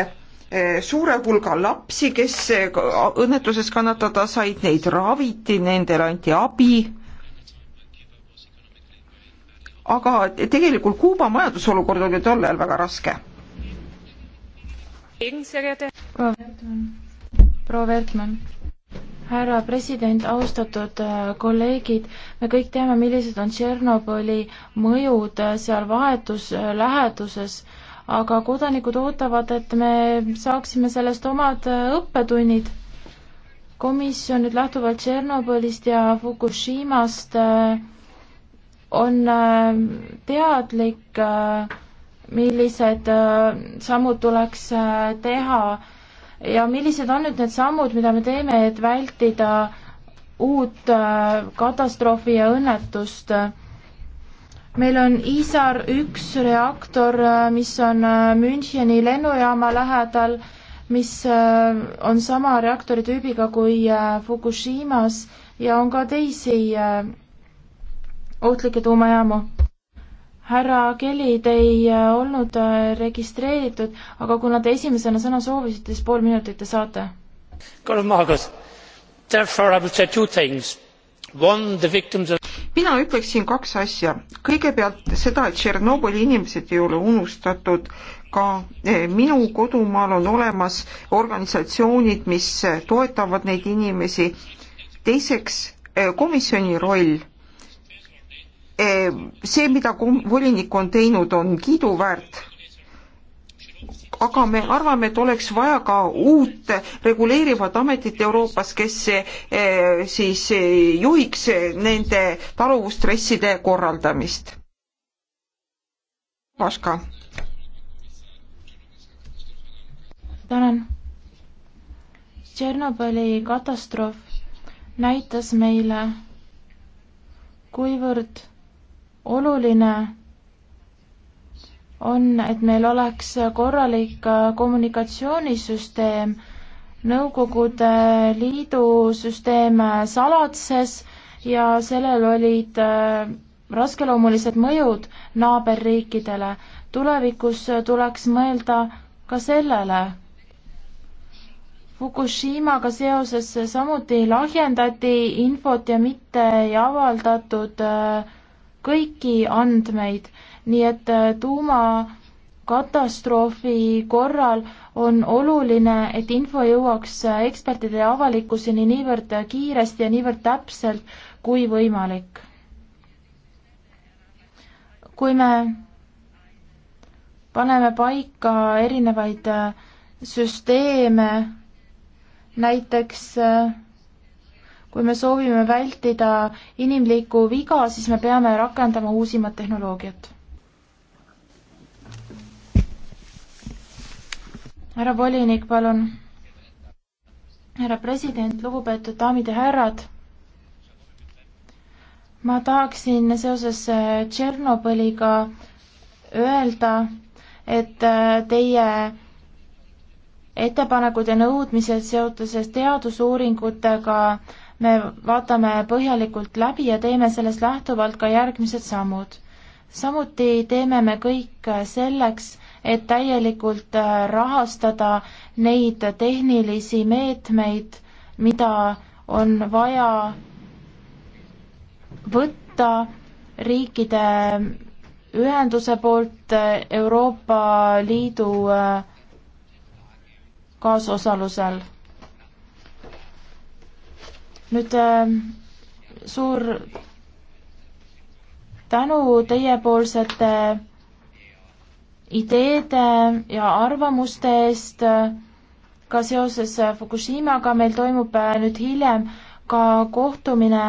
suure hulga lapsi, kes õnnetuses kannatada said, neid raviti, nendele anti abi. aga tegelikult Kuuba majandusolukord oli tol ajal väga raske. proua Vertmann, proua Vertmann härra president, austatud äh, kolleegid, me kõik teame, millised on Tšernobõli mõjud äh, seal vahetus äh, läheduses, aga kodanikud ootavad, et me saaksime sellest omad õppetunnid. komisjon nüüd lähtuvalt Tšernobõlist ja Fukushimast on teadlik, millised sammud tuleks teha ja millised on nüüd need sammud, mida me teeme, et vältida uut äh, katastroofi ja õnnetust? meil on ISAR üks reaktor, äh, mis on äh, Müncheni lennujaama lähedal, mis on sama reaktori tüübiga kui Fukushimas ja on ka teisi ohtlikke tuumajaamu härra Kelly, te ei äh, olnud äh, registreeritud, aga kuna te esimesena sõna soovisite, siis pool minutit te saate. mina ütleksin kaks asja. kõigepealt seda, et Tšernobõli inimesed ei ole unustatud, ka eh, minu kodumaal on olemas organisatsioonid, mis toetavad neid inimesi. teiseks, eh, komisjoni roll Eh, see, mida volinik on teinud, on kiiduväärt. aga me arvame, et oleks vaja ka uut reguleerivat ametit Euroopas, kes eh, siis eh, juhiks nende taluvusstresside korraldamist. Vaska. tänan. Tšernobõli katastroof näitas meile, kuivõrd oluline on, et meil oleks korralik kommunikatsioonisüsteem. Nõukogude Liidu süsteem salatses ja sellel olid äh, raskeloomulised mõjud naaberriikidele. tulevikus tuleks mõelda ka sellele. Fukushimaga seoses samuti lahjendati infot ja mitte ei avaldatud äh, kõiki andmeid, nii et äh, tuumakatastroofi korral on oluline, et info jõuaks äh, ekspertide ja avalikkuseni niivõrd äh, kiiresti ja niivõrd täpselt kui võimalik. kui me paneme paika erinevaid süsteeme, näiteks äh, kui me soovime vältida inimlikku viga, siis me peame rakendama uusimat tehnoloogiat. härra volinik, palun. härra president, lugupeetud daamid ja härrad. ma tahaksin seoses Tšernobõliga öelda, et teie ettepanekud ja nõudmised seotuses teadusuuringutega äh, me vaatame põhjalikult läbi ja teeme sellest lähtuvalt ka järgmised sammud. samuti teeme me kõik selleks, et täielikult äh, rahastada neid tehnilisi meetmeid, mida on vaja võtta riikide ühenduse poolt äh, Euroopa Liidu äh, kaasosalusel nüüd ähm, suur tänu teiepoolsete ideede ja arvamuste eest äh, ka seoses äh, Fukushimaga, meil toimub äh, nüüd hiljem ka kohtumine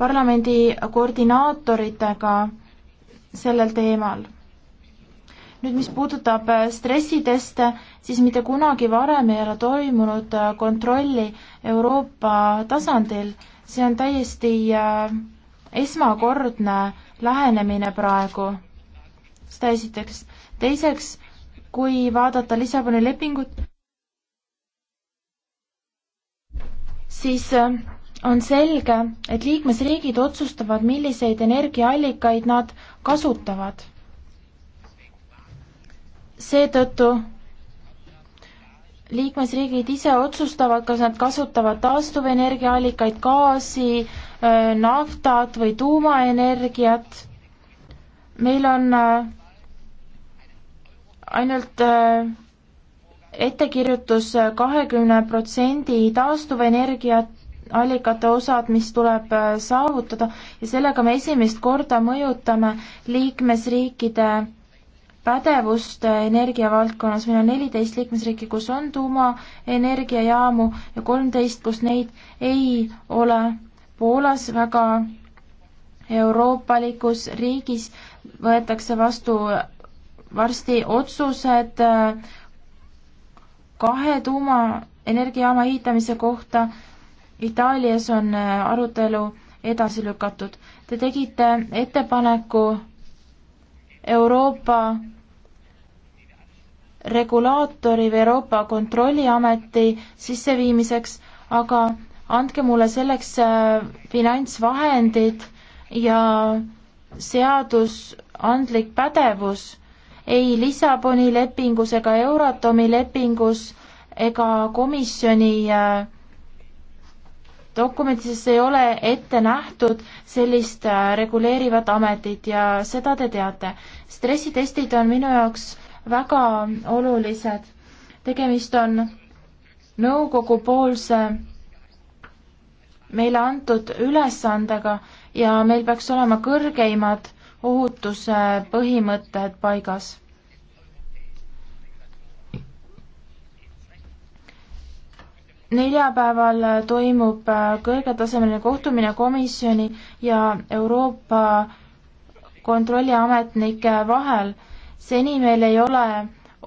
parlamendi koordinaatoritega sellel teemal nüüd, mis puudutab äh, stressiteste, siis mitte kunagi varem ei ole toimunud äh, kontrolli Euroopa tasandil. see on täiesti äh, esmakordne lähenemine praegu. seda esiteks. teiseks, kui vaadata Lissaboni lepingut, siis on selge, et liikmesriigid otsustavad, milliseid energiaallikaid nad kasutavad seetõttu liikmesriigid ise otsustavad, kas nad kasutavad taastuvenergiaallikaid, gaasi, naftat või tuumaenergiat. meil on ainult ettekirjutus kahekümne protsendi taastuvenergiaallikate osad, mis tuleb saavutada ja sellega me esimest korda mõjutame liikmesriikide pädevust energiavaldkonnas, meil on neliteist liikmesriiki, kus on tuumaenergiajaamu ja kolmteist, kus neid ei ole. Poolas väga euroopalikus riigis võetakse vastu varsti otsused äh, kahe tuumaenergiajaama ehitamise kohta. Itaalias on äh, arutelu edasi lükatud. Te tegite ettepaneku Euroopa regulaatori või Euroopa Kontrolliameti sisseviimiseks, aga andke mulle selleks äh, finantsvahendid ja seadusandlik pädevus. ei Lissaboni lepingus ega Euratomi lepingus ega komisjoni äh, dokumentides ei ole ette nähtud sellist äh, reguleerivat ametit ja seda te teate. stressitestid on minu jaoks väga olulised. tegemist on nõukogu poolse meile antud ülesandega ja meil peaks olema kõrgeimad ohutuse põhimõtted paigas neljapäeval toimub äh, kõrgetasemeline kohtumine komisjoni ja Euroopa kontrolliametnike vahel. seni meil ei ole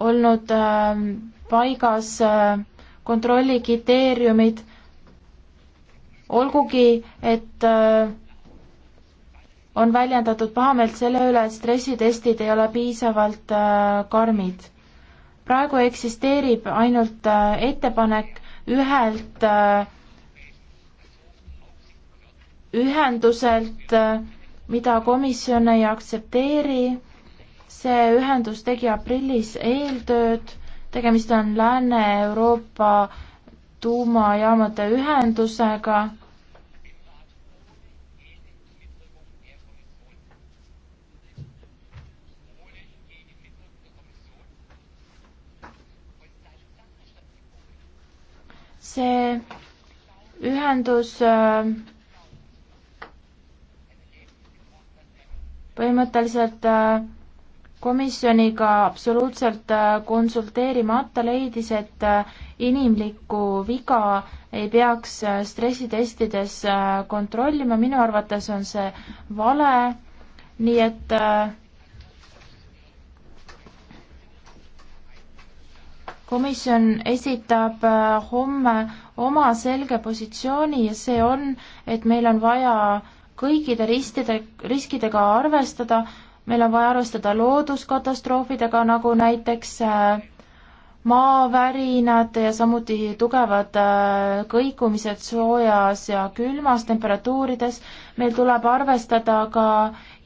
olnud ähm, paigas äh, kontrolli kriteeriumid, olgugi et äh, on väljendatud pahameelt selle üle, et stressitestid ei ole piisavalt karmid. praegu eksisteerib ainult ettepanek ühelt äh, ühenduselt, äh, mida komisjon ei aktsepteeri. see ühendus tegi aprillis eeltööd, tegemist on Lääne-Euroopa tuumajaamade ühendusega see ühendus äh, põhimõtteliselt äh, komisjoniga absoluutselt äh, konsulteerimata leidis, et inimlikku viga ei peaks stressitestides kontrollima, minu arvates on see vale, nii et äh, komisjon esitab äh, homme oma selge positsiooni ja see on, et meil on vaja kõikide ristide, riskidega arvestada, meil on vaja arvestada looduskatastroofidega, nagu näiteks äh, maavärinad ja samuti tugevad äh, kõikumised soojas ja külmas temperatuurides. meil tuleb arvestada ka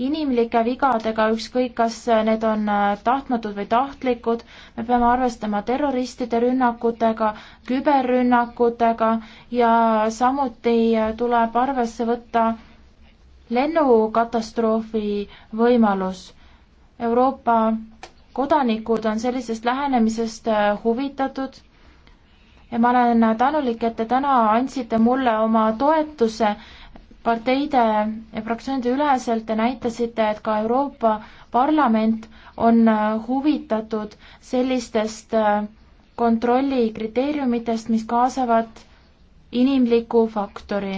inimlike vigadega, ükskõik kas need on äh, tahtmatud või tahtlikud. me peame arvestama terroristide rünnakutega, küberrünnakutega ja samuti äh, tuleb arvesse võtta lennukatastroofi võimalus. Euroopa kodanikud on sellisest lähenemisest äh, huvitatud ja ma olen tänulik, et te täna andsite mulle oma toetuse parteide ja fraktsioonide üleselt te näitasite, et ka Euroopa Parlament on äh, huvitatud sellistest äh, kontrolli kriteeriumitest, mis kaasavad inimliku faktori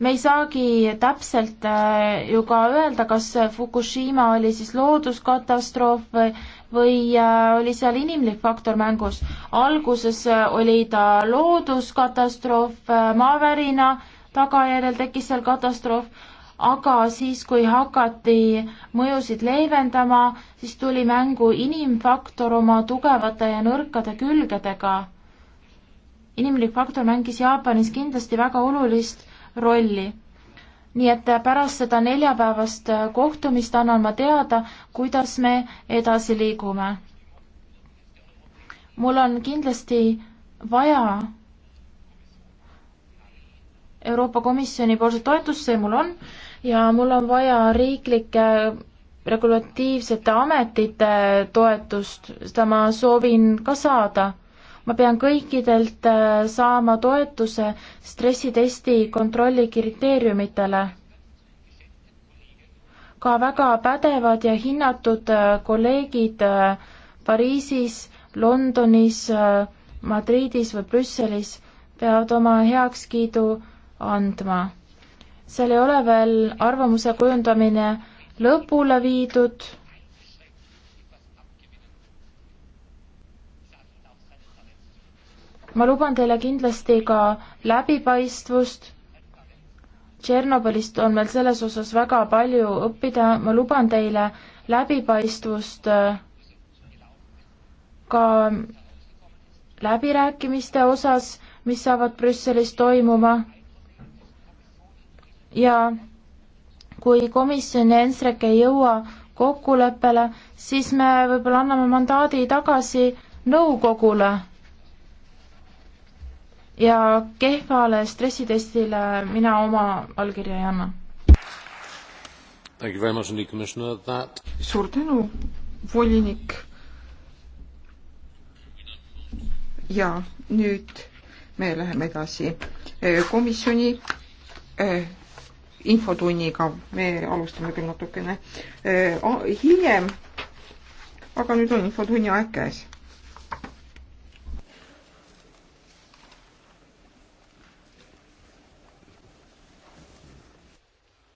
me ei saagi täpselt äh, ju ka öelda, kas Fukushima oli siis looduskatastroof või või äh, oli seal inimlik faktor mängus. alguses äh, oli ta looduskatastroof, maavärina tagajärjel tekkis seal katastroof, aga siis, kui hakati mõjusid leevendama, siis tuli mängu inimfaktor oma tugevate ja nõrkade külgedega. inimlik faktor mängis Jaapanis kindlasti väga olulist rolli. nii et pärast seda neljapäevast kohtumist annan ma teada, kuidas me edasi liigume. mul on kindlasti vaja Euroopa Komisjoni poolset toetust, see mul on, ja mul on vaja riiklike regulatiivsete ametite toetust, seda ma soovin ka saada ma pean kõikidelt äh, saama toetuse stressitesti kontrolli kriteeriumitele. ka väga pädevad ja hinnatud äh, kolleegid äh, Pariisis, Londonis, Madridis või Brüsselis peavad oma heakskiidu andma. seal ei ole veel arvamuse kujundamine lõpule viidud ma luban teile kindlasti ka läbipaistvust. Tšernobõlist on meil selles osas väga palju õppida, ma luban teile läbipaistvust äh, ka läbirääkimiste osas, mis saavad Brüsselis toimuma. ja kui komisjon ja Ensrek ei jõua kokkuleppele, siis me võib-olla anname mandaadi tagasi nõukogule ja kehvale stressitestile mina oma allkirja ei anna. suur tänu, volinik. ja nüüd me läheme edasi äh, komisjoni äh, infotunniga, me alustame küll natukene äh, hiljem, aga nüüd on infotunni aeg käes